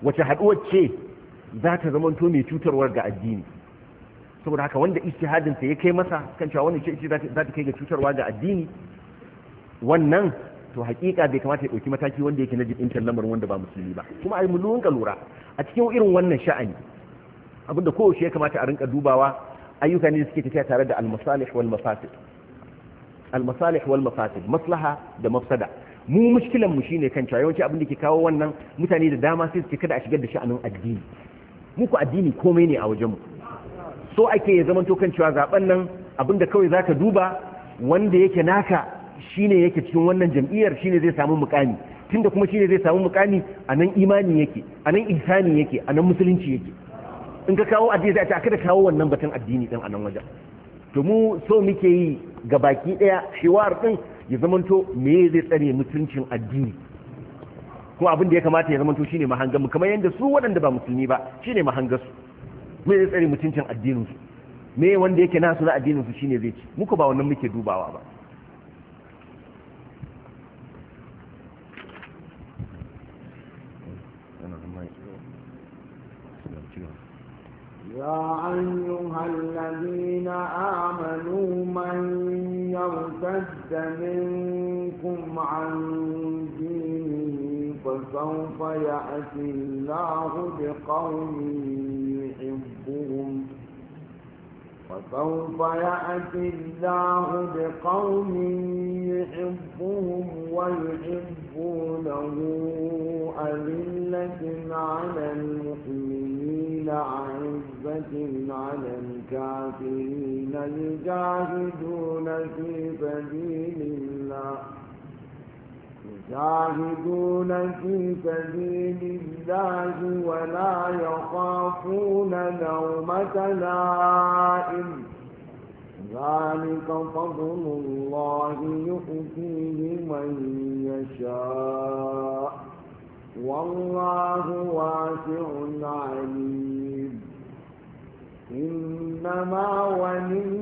wace haduwar ce za ta to mai cutarwar ga addini saboda haka wanda ijtihadin sa ya kai masa kan cewa wannan ce za ta kai ga cutarwa ga addini wannan to hakika bai kamata ya dauki mataki wanda yake na jibintar lamarin wanda ba musulmi ba kuma ai mulun lura a cikin irin wannan sha'ani abinda kowace ya kamata a rinka dubawa ayyuka ne suke tafiya tare da al-masalih wal mafasid al wal mafasid maslaha da mafsada mu mushkilan mu shine kan cewa yawanci abin da ke kawo wannan mutane da dama sai su kada a shigar da sha'anin addini muku addini komai ne a wajen mu so ake ya zama kan cewa zaben nan abinda kawai zaka duba wanda yake naka shine yake cikin wannan jam'iyyar shine zai samu mukami tunda kuma shine zai samu mukami anan imani yake anan ihsani yake anan musulunci yake in ka kawo addini zai a da kawo wannan batun addini din nan wajen to mu so muke yi ga baki daya shiwar din ya zamanto me zai tsare mutuncin addini ko abin da ya kamata ya zamanto shine mahangan mu kamar yanda su waɗanda ba musulmi ba shine mahangar su me zai tsare mutuncin addininsu me wanda yake nasu na addininsu shine zai ci muku ba wannan muke dubawa ba يا أيها الذين آمنوا من يرتد منكم عن دينه فسوف يأتي الله بقوم يحبهم فسوف يأتي الله بقوم يحبهم ويحبونه أذلة على المؤمنين عزة على الكافرين يجاهدون في سبيل الله يعهدون في سبيل الله ولا يخافون لومة لائم ذلك فضل الله يؤتيه من يشاء والله واسع عليم إنما ولي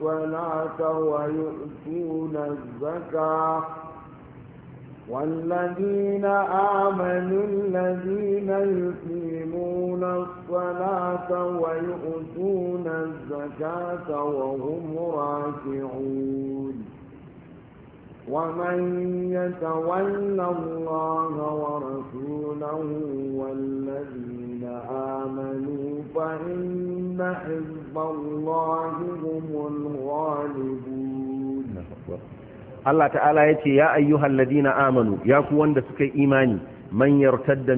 الصلاة ويؤتون الزكاة والذين آمنوا الذين يقيمون الصلاة ويؤتون الزكاة وهم راكعون ومن يتول الله ورسوله والذين Allah Ta'ala ya ce, ya الغالبون الله تعالى يتي wanda suka yi imani يا كوان kuma إيماني من يرتد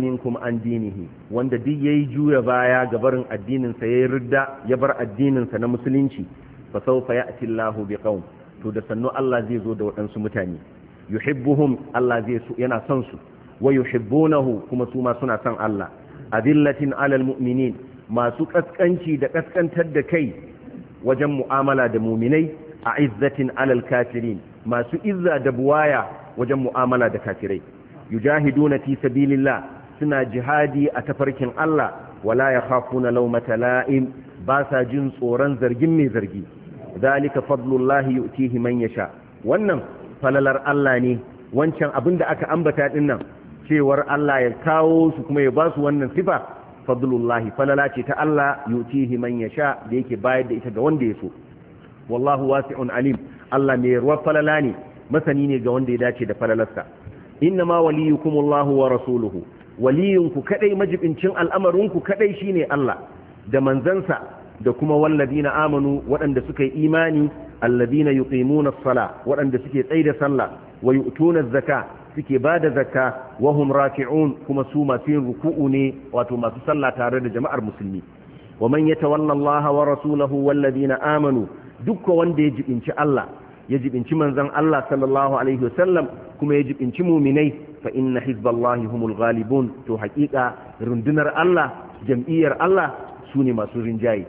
wanda duk yayi juya baya ga barin addininsa sa yayi ridda ya bar addininsa na musulunci fa sawfa ya'ti Allahu biqaum to da sannu Allah zai zo da waɗansu mutane yuhibbuhum Allah yana son su wa yuhibbunahu kuma su ma suna son Allah adillatin alal mu'minin masu kaskanci da kaskantar da kai wajen mu'amala da muminai a izzatin alal kafirin masu izza da buwaya wajen mu'amala da kafirai yujahiduna fi sabilillah suna jihadi a tafarkin Allah wala yakhafuna lawmata la'im ba sa jin tsoron zargin mai zargi zalika fadlullahi yu'tihi man yasha wannan falalar Allah ne wancan abin da aka ambata din nan cewar Allah ya kawo su kuma ya ba su wannan sifa fadlullahi falala ce ta Allah yutihi man yasha da yake bayar da ita ga wanda ya so wallahu wasi'un alim Allah mai ruwa falala ne masani ne ga wanda ya dace da falalarsa inna ma waliyukumullahu wa rasuluhu waliyinku kadai majibincin al'amarinku kadai shine Allah da manzansa da kuma na amanu waɗanda suka yi imani allazina yuqimuna as-sala waɗanda suke tsaida sallah wa yu'tuna suke ba da zakka wa hum raki'un kuma su masu yin ruku'u ne wato masu sallah tare da jama'ar musulmi wa man yatawalla Allah wa rasulahu wal ladina amanu dukkan wanda ya jibinci Allah ya jibinci manzon Allah sallallahu alaihi wasallam kuma ya jibinci muminai fa inna hizballahi humul ghalibun to hakika rundunar Allah jam'iyyar Allah su ne masu rinjaye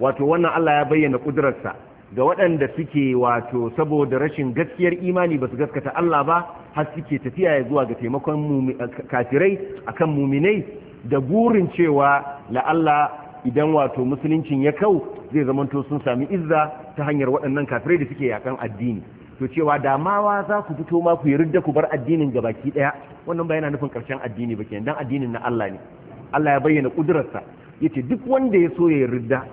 wato wannan Allah ya bayyana kudurarsa ga waɗanda suke wato saboda rashin gaskiyar imani ba su gaskata Allah ba har suke tafiya ya zuwa ga taimakon kafirai akan muminai da burin cewa la'alla idan wato musuluncin ya kau zai zamanto sun sami izza ta hanyar waɗannan kafirai da suke yakan addini to cewa da mawa za ku fito ma ku yi ridda ku bar addinin ga baki ɗaya wannan ba yana nufin ƙarshen addini ba kenan dan addinin na Allah ne Allah ya bayyana ƙudurarsa yace duk wanda ya so ya yi ridda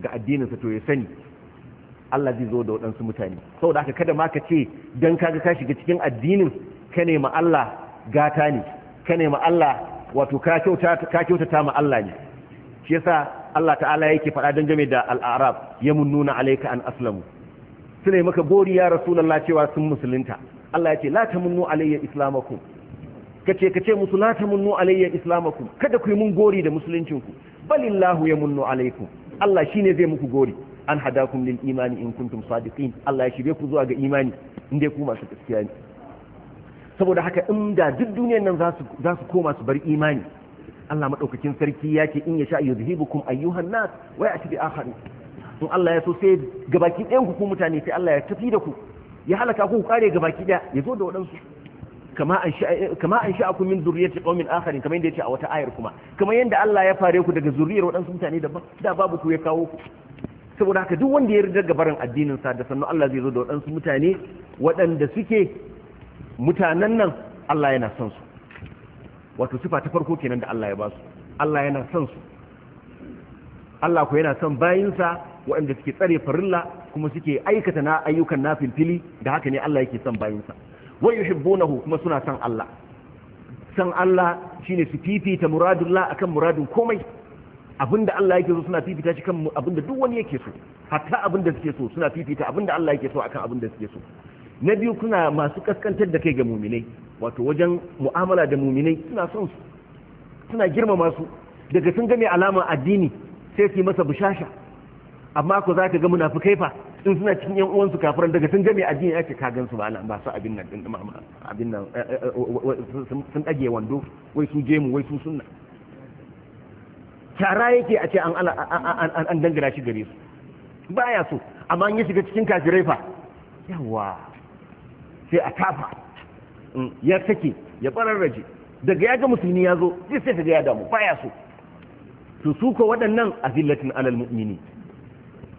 ga addininsa to ya sani Allah zai zo da waɗansu mutane saboda haka kada ma ka ce don kaga ka shiga cikin addinin ka nema Allah gata ne ka nema Allah wato ka kyautata ma Allah ne shi yasa Allah ta'ala yake faɗa don game da al'arab ya mun nuna alaika an aslamu su ne maka gori ya rasulallah cewa sun musulunta Allah ya ce la ta munnu alayya islamakum kace ce musu la ta munnu alayya islamakum kada ku yi mun gori da musuluncinku balillahu ya munnu alaikum Allah ne zai muku gori an hadakum lil imani in kuntum sadiqin Allah ya shirye ku zuwa ga imani in dai ku masu gaskiya ne saboda haka inda duk duniyar nan za su koma su bar imani Allah madaukakin sarki ya ce in ya sha yuzhibukum ayyuhan nas wa ya'ti bi akharin in Allah ya so sai gabaki ɗayan ku mutane sai Allah ya tafi da ku ya halaka ku kare gabaki ɗaya ya zo da waɗansu kama an sha'akum min zurriyyati qaumin akharin kamar yadda yace a wata ayar kuma kamar yadda Allah ya fare ku daga zurriyar waɗansu mutane daban da babu ku ya kawo ku saboda haka duk wanda ya rida gabarin addinin sa da sannu Allah zai zo da waɗansu mutane waɗanda suke mutanen nan Allah yana son su wato sifa ta farko kenan da Allah ya ba su Allah yana son su Allah ko yana son bayinsa waɗanda suke tsare farilla kuma suke aikata na ayyukan na filfili da haka ne Allah yake son bayinsa wa yuhibbunahu kuma suna son Allah san Allah shine su fifita muradullah akan muradin komai abinda Allah yake so suna fifita shi kan abinda duk wani yake so hatta abinda suke so suna fifita abinda Allah yake so akan abinda suke so na biyu kuna masu kaskantar da kai ga muminai wato wajen mu'amala da muminai suna son su suna girmama su daga sun gane alama addini sai su yi masa bushasha amma ko za ka ga munafukai fa in suna cikin yan uwansu kafiran daga sun gane addini ake ka gan su ba Allah ba su abin nan abin nan eh, eh, eh, oh, oh, oh, sun dage wando wai su Jemu, wai su sunna tara yake a ce an dangana shi gare su ya so amma ya shiga cikin kafirai fa yawa sai a kafa mm, ya sake ya bararraje daga ya ga musulmi ya zo zai sai ga ya damu ya so to su ko waɗannan azillatin alal mu'mini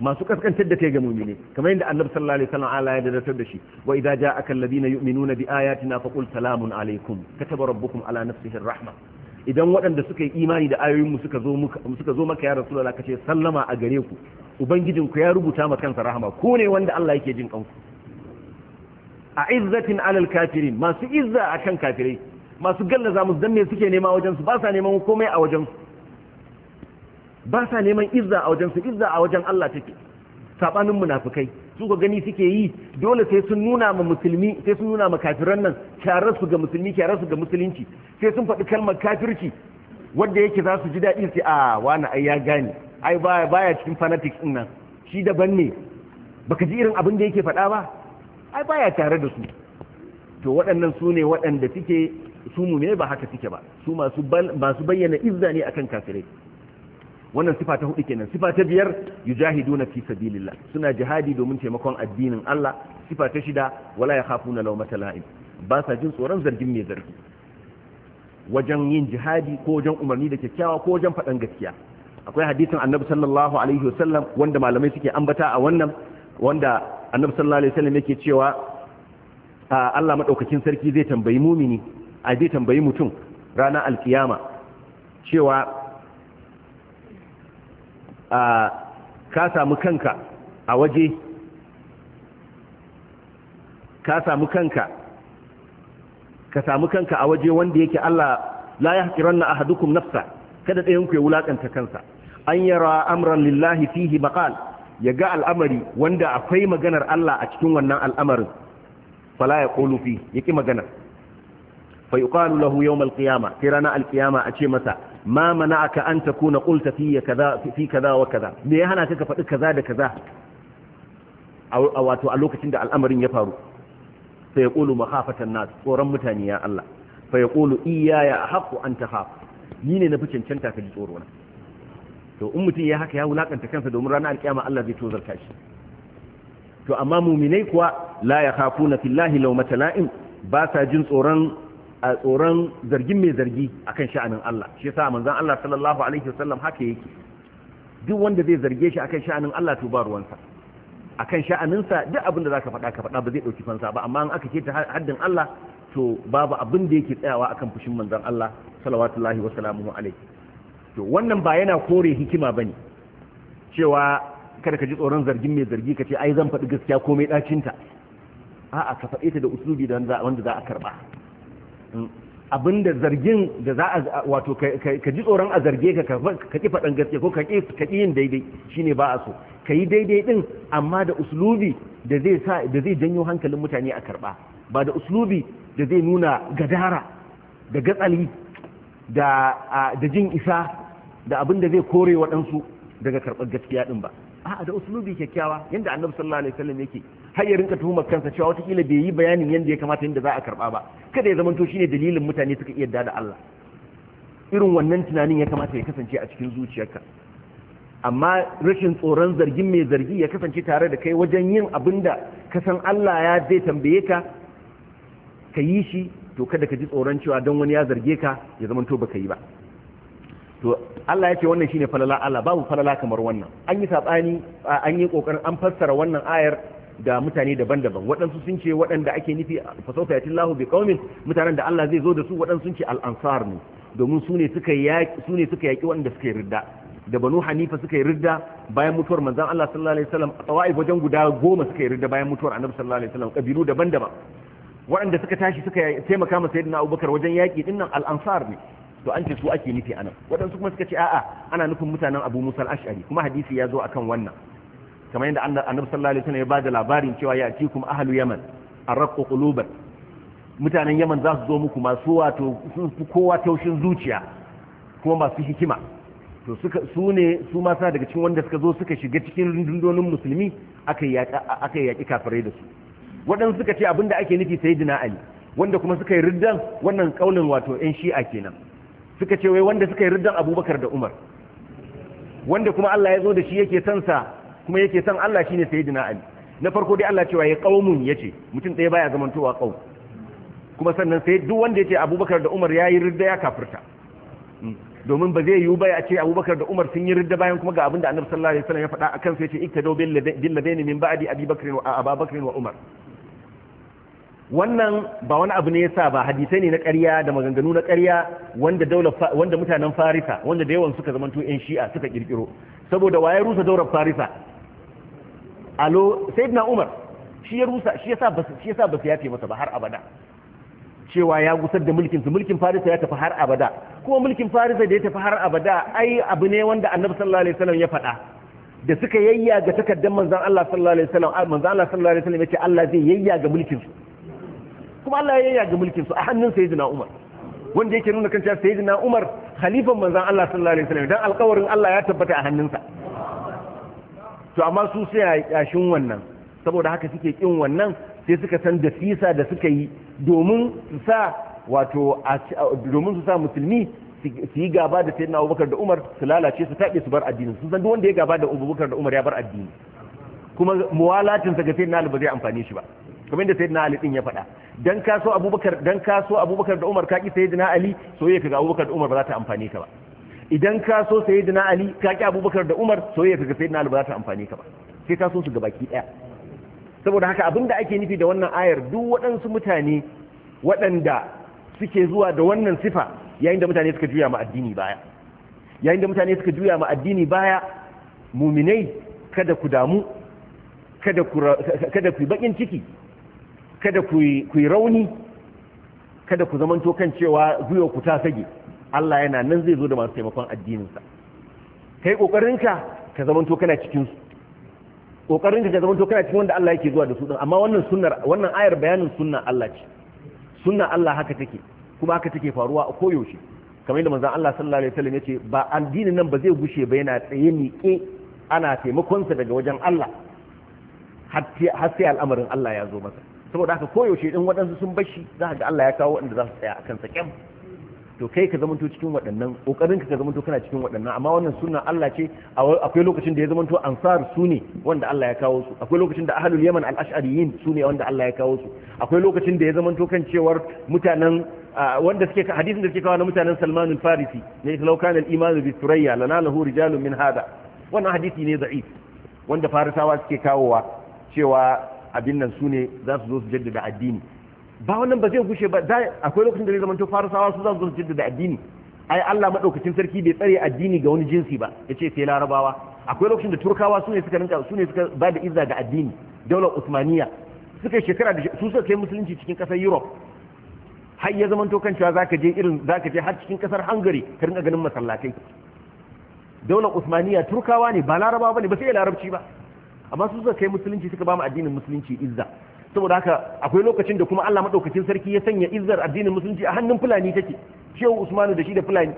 masu kaskantar da kai ga mu'mini kamar yadda annabi sallallahu alaihi wasallam ya dadatar da shi wa idza ja'aka alladhina yu'minuna bi ayatina faqul salamun alaikum kataba rabbukum ala nafsihi rahma idan waɗanda suka yi imani da ayoyinmu suka zo maka ya rasu ka ce sallama a gare ku ubangijinku ya rubuta ma kansa rahama ko ne wanda Allah yake jin kanku a izzatin alal kafirin masu izza a kan kafirai masu gallaza mu dan me suke nema wajen su ba sa neman komai a wajen su ba sa neman izza a wajen izza a wajen Allah take sabanin munafikai su ga gani suke yi dole sai sun nuna ma musulmi sai sun nuna ma kafiran nan kyarar su ga musulmi kyarar su ga musulunci sai sun faɗi kalmar kafirci wanda yake za su ji daɗi sai a wani ai ya gane ai baya baya cikin fanatic din nan shi daban ne baka ji irin abin da yake faɗa ba ai baya tare da su to waɗannan su ne waɗanda suke su mu ne ba haka suke ba su masu bayyana izza ne akan kafirai wannan sifa ta hudu kenan sifa ta biyar yujahiduna fi sabilillah suna jihadi domin taimakon addinin Allah sifa ta shida wala yakhafuna lawmata la'im ba sa jin tsoron zargin mai zargi wajen yin jihadi ko wajen umarni da kyakkyawa ko wajen faɗan gaskiya akwai hadisin annabi sallallahu alaihi wasallam wanda malamai suke ambata a wannan wanda annabi sallallahu alaihi wasallam yake cewa Allah madaukakin sarki zai tambayi mumini a zai tambayi mutum ranar alkiyama cewa a ka samu kanka a waje ka samu kanka ka samu kanka a waje wanda yake Allah la yahqiranna ahadukum nafsa kada dayan ku ya wulakanta kansa an yara amran lillahi fihi maqal ya ga al'amari wanda akwai maganar Allah a cikin wannan al'amarin fala ya qulu fi yaki magana fa yuqalu lahu yawm al-qiyamah tirana al-qiyamah a ce masa ma mana'aka an takuna qulta fi kaza fi kaza wa kaza me ya hana ka faɗi kaza da kaza a wato a lokacin da al'amarin ya faru sai ya qulu mahafatan nas tsoron mutane ya Allah fa ya qulu iyaya haqqu an takhaf ni ne na fi cancanta ka ji tsoro na to in mutum ya haka ya wulaƙanta kansa domin ranar alƙiyama Allah zai tozarta kashi. to amma muminai kuwa la ya khafuna fillahi law matala'im ba sa jin tsoron a tsoron zargin mai zargi akan sha'anin Allah shi yasa manzon Allah sallallahu alaihi wasallam haka yake duk wanda zai zarge shi akan sha'anin Allah to ba ruwansa akan sha'aninsa duk abin da zaka faɗa ka faɗa ba zai ɗauki fansa ba amma in aka ce ta haddin Allah to babu abin da yake tsayawa akan fushin manzan Allah salawatullahi wa salamuhu alaihi to wannan ba yana kore hikima ne cewa kada ka ji tsoron zargin mai zargi ka ce ai zan faɗi gaskiya komai ɗacinta a'a ka faɗe ta da usulubi da wanda za a karɓa abinda zargin da za a wato ka ji tsoron a zarge ka ka ki faɗin gaske ko ka ki yin daidai shine ba a so ka yi daidai ɗin amma da uslubi da zai sa da zai janyo hankalin mutane a karɓa, ba da uslubi da zai nuna gadara da gatsali da jin isa da abin da zai kore waɗansu daga karɓar gaskiya ɗin ba a'a da uslubi kyakkyawa yadda annabi sallallahu alaihi wasallam yake har ya rinka tuhumar kansa cewa watakila bai yi bayanin yadda ya kamata yadda za a karba ba kada ya zamanto shine dalilin mutane suka iya da Allah irin wannan tunanin ya kamata ya kasance a cikin zuciyarka amma rashin tsoron zargin mai zargi ya kasance tare da kai wajen yin abin da ka san Allah ya zai tambaye ka ka yi shi to kada ka ji tsoron cewa don wani ya zarge ka ya zamanto baka yi ba to Allah ya ce wannan shine falala Allah babu falala kamar wannan an yi sabani an yi kokarin an fassara wannan ayar da mutane daban-daban waɗansu sun ce waɗanda ake nufi fasauta ya tillahu bi kaumin mutanen da Allah zai zo da su waɗansu sun ce al-ansar ne domin su ne suka yaki su ne suka yaki waɗanda suka yi ridda da banu hanifa suka yi ridda bayan mutuwar manzon Allah sallallahu alaihi wasallam tawaif wajen guda goma suka yi ridda bayan mutuwar annabi sallallahu alaihi wasallam kabilu daban-daban waɗanda suka tashi suka taimaka masa sayyidina Abubakar wajen yaki dinnan al-ansar ne to an ce su ake nufi anan waɗansu kuma suka ce a'a ana nufin mutanen Abu Musa al-Ash'ari kuma hadisi ya zo akan wannan kamar yadda annabi sallallahu alaihi wasallam ya bada labarin cewa ya atikum ahlu yaman arqu quluban mutanen yaman za su zo muku masu wato sun fi kowa taushin zuciya kuma masu hikima to suka su ne su ma sa daga cikin wanda suka zo suka shiga cikin rundunonin musulmi aka yaki kafirai da su waɗansu suka ce abinda ake nufi sayyidina ali wanda kuma suka yi riddan wannan kaulin wato yan shi'a kenan suka ce wai wanda suka yi riddan abubakar da umar wanda kuma allah ya zo da shi yake son sa kuma yake san Allah shine sayyidina ali na farko dai Allah cewa ya qaumun yace mutum ɗaya baya zamantowa qaum kuma sannan sai duk wanda yace abubakar da umar yayi ridda ya kafirta hmm. domin ba zai yiwu ba ya ce abubakar da umar sun yi ridda bayan kuma ga abin da annabi sallallahu alaihi wasallam ya faɗa akan sai ya ce iktado bil ladaini min ba'di bakr wa abubakar wa umar wannan ba wani abu ne yasa ba hadisai ne na ƙarya da maganganu na ƙarya wanda daular wanda mutanen farisa wanda da yawan suka zamanto yan shi'a suka kirkiro saboda waye rusa daular farisa alo na umar shi ya rusa shi yasa ba shi yasa ba su yafe masa ba har abada cewa ya gusar da mulkin su mulkin farisa ya tafi har abada kuma mulkin farisa da ya tafi har abada ai abu ne wanda annabi sallallahu alaihi wasallam ya faɗa da suka yayya ga takaddan manzon Allah sallallahu alaihi wasallam manzon Allah sallallahu alaihi wasallam yace Allah zai yayya ga mulkin su kuma Allah ya yayya ga mulkin su a hannun sayyidina Umar wanda yake nuna kan cewa sayyidina Umar khalifan manzon Allah sallallahu alaihi wasallam dan alƙawarin Allah ya tabbata a hannunsa to amma su sai a yashin wannan saboda haka suke kin wannan sai suka san da sisa da suka yi domin su sa wato domin su sa musulmi su yi gaba da sayyidina Abubakar da Umar su lalace su taɓe su bar addini Su san duk wanda ya gaba da Abubakar da Umar ya bar addini kuma muwalatin sa ga sayyidina Ali ba zai amfane shi ba kamar yadda sayyidina Ali din ya faɗa dan ka so Abubakar dan ka so Abubakar da Umar ka ki sayyidina Ali soyayya ka ga Abubakar da Umar ba za ta amfane ka ba idan ka so na ali ka ki abubakar da umar soyayya ka sayyidina ali ba za ta ka ba sai ka so su gabaki daya saboda haka abinda ake nufi da wannan ayar duk waɗansu mutane waɗanda suke zuwa da wannan sifa yayin da mutane suka juya ma addini baya yayin da mutane suka juya ma addini baya muminai kada ku damu kada ku kada ku bakin ciki kada ku ku rauni kada ku zamanto kan cewa zuwa ku ta sage Allah yana nan zai zo da masu taimakon addininsa kai kokarinka ka zamanto kana cikin su kokarinka ka zamanto kana cikin wanda Allah yake zuwa da su din amma wannan sunnar wannan ayar bayanin sunnar Allah ce sunnar Allah haka take kuma haka take faruwa a koyaushe kamar yadda manzon Allah sallallahu alaihi wasallam yace ba addinin nan ba zai gushe ba yana tsaye miƙe ana taimakonsa daga wajen Allah har sai al'amarin Allah ya zo masa saboda haka koyaushe din waɗansu sun bashi za ga Allah ya kawo waɗanda za su tsaya a sa kyam to kai ka zamanto cikin waɗannan kokarin ka zamanto kana cikin waɗannan amma wannan sunna Allah ce akwai lokacin da ya zamanto ansar su ne wanda Allah ya kawo su akwai lokacin da ahlul yaman al-ash'ariyin su ne wanda Allah ya kawo su akwai lokacin da ya zamanto kan cewar mutanen wanda suke hadisin da suke kawo na mutanen Salman al-Farisi ne law kana al-iman bi turayya lanalahu rijalun min hada wannan hadisi ne da'if wanda farisawa suke kawowa cewa abin nan su ne za su zo su jaddada addini ba wannan ba zai gushe ba da akwai lokacin da zai zama to farisawa su za su zo da addini ai Allah madaukakin sarki bai tsare addini ga wani jinsi ba yace sai larabawa akwai lokacin da turkawa su ne suka rinka su ne suka ba da izza ga addini daular usmaniya suka yi shekara da su suka kai musulunci cikin kasar europe har ya zama to kan cewa zaka je irin zaka je har cikin kasar hungary ka rinka ganin masallatai daular usmaniya turkawa ne ba larabawa bane ba sai larabci ba amma su suka kai musulunci suka ba mu addinin musulunci izza saboda haka akwai lokacin da kuma Allah madaukakin sarki ya sanya izzar addinin musulunci a hannun fulani take shehu usmanu da shi da fulani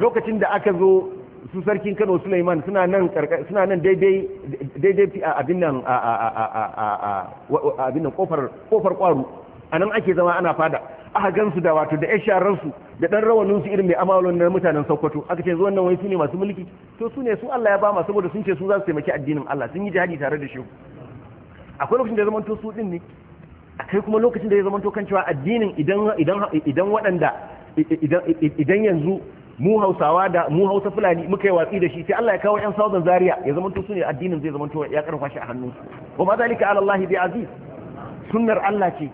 lokacin da aka zo su sarkin Kano Sulaiman suna nan suna nan daidai daidai a abin nan a a abin nan kofar kofar kwaru anan ake zama ana fada aka gansu da wato da ƴan su da dan rawanin su irin mai amalon na mutanen Sokoto aka ce zo wannan wai su masu mulki to su ne su Allah ya ba ma saboda sun ce su za su taimaki addinin Allah sun yi jihadi tare da shehu akwai lokacin da ya zamanto su din ne Akwai kuma lokacin da ya zamanto kan cewa addinin idan idan idan waɗanda idan yanzu mu Hausawa da mu Hausa Fulani muka yi watsi da shi sai Allah ya kawo ƴan Southern Zaria ya zamanto su ne addinin zai zamanto ya karfa shi a hannu wa ma zalika ala Allah bi aziz sunnar Allah ce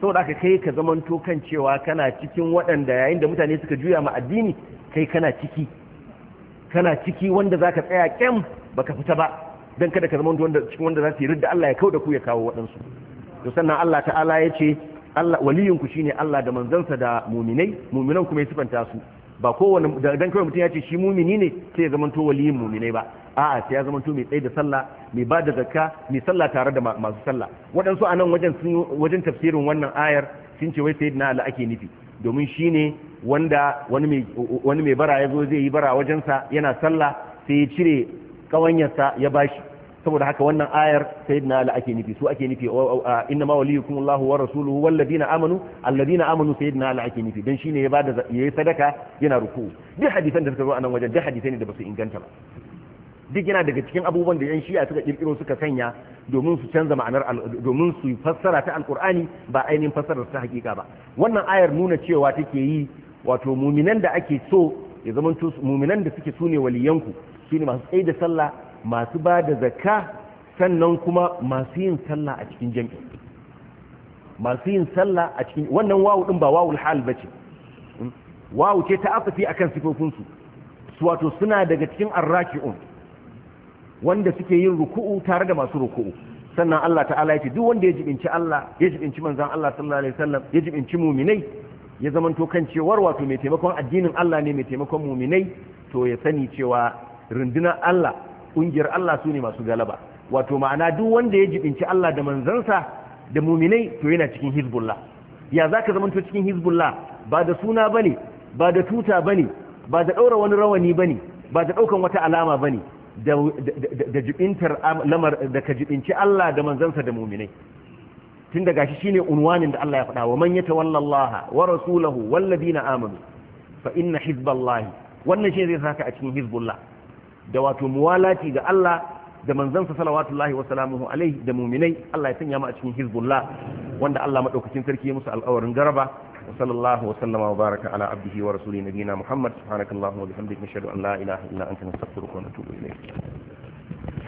saboda aka kai ka zamanto kan cewa kana cikin waɗanda yayin da mutane suka juya ma addini kai kana ciki kana ciki wanda zaka tsaya kyam baka fita ba dan kada ka zama wanda cikin wanda za su yi ridda Allah ya da ku ya kawo waɗansu to sannan Allah ta'ala ya ce Allah waliyin ne Allah da manzansa da muminai muminan kuma ya sifanta su ba kowane dan kawai mutum ya ce shi mumini ne sai ya zama to waliyin muminai ba a'a sai ya zama to mai tsaye da sallah mai ba da zakka mai sallah tare da masu sallah waɗansu a nan wajen wajen tafsirin wannan ayar sun ce wai sayyidina Allah ake nufi domin shine wanda wani mai bara ya zo zai yi bara wajensa yana sallah sai ya cire kawanyarsa ya bashi saboda haka wannan ayar sayyidina ali ake nufi su ake nufi oh, oh, ah, inna ma waliyukum allah wa rasuluhu wal ladina amanu alladina amanu sayyidina ali ake nufi dan shine ya bada yayi sadaka yana ruku duk hadisan da suka zo anan wajen duk hadisan ne da basu inganta ba duk yana daga cikin abubuwan da yan shi'a suka kirkiro suka sanya domin su canza ma'anar domin su fassara ta alqur'ani ba ainihin fassarar ta hakika ba wannan ayar nuna cewa take yi wato muminan da ake so ya zama muminan da suke sune waliyanku shine masu tsaye da sallah masu ba da zakka sannan kuma masu yin sallah a cikin jami'i masu yin sallah a cikin wannan wawu din ba wawul hal bace hmm? wawu ce ta afafi akan sifofin su su wato suna daga cikin arraki'un wanda suke yin ruku'u tare da masu ruku'u sannan Allah ta'ala ya ce duk wanda ya jibinci Allah ya jibinci manzon Allah sallallahu alaihi wasallam ya jibinci muminai ya zamanto kan cewar wato mai taimakon addinin Allah ne mai taimakon muminai to ya sani cewa rundunar Allah ƙungiyar Allah su ne masu galaba wato ma'ana duk wanda ya jibinci Allah da manzansa da muminai to yana cikin hizbullah ya za ka zamanto cikin hizbullah ba da suna ba ne ba da tuta ba ne ba da ɗaura wani rawani ba ne ba da ɗaukan wata alama ba ne da jibintar lamar da ka jibinci Allah da manzansa da muminai tun da gashi shine unwanin da Allah ya faɗa wa man wannan Allah wa rasulahu wal ladina amanu wannan shi zai saka a cikin hizbullah da wato muwalati ga Allah da manzansa salawatullahi wa salamuhu alaihi da muminai Allah ya sanya mu a cikin hizbullah wanda Allah madaukakin sarki ya musu alƙawarin garaba wa sallallahu wa sallama wa baraka ala abdihi wa rasuli nabiyina Muhammad subhanakallahumma wa bihamdika nashhadu an la ilaha illa anta nastaghfiruka wa natubu ilayk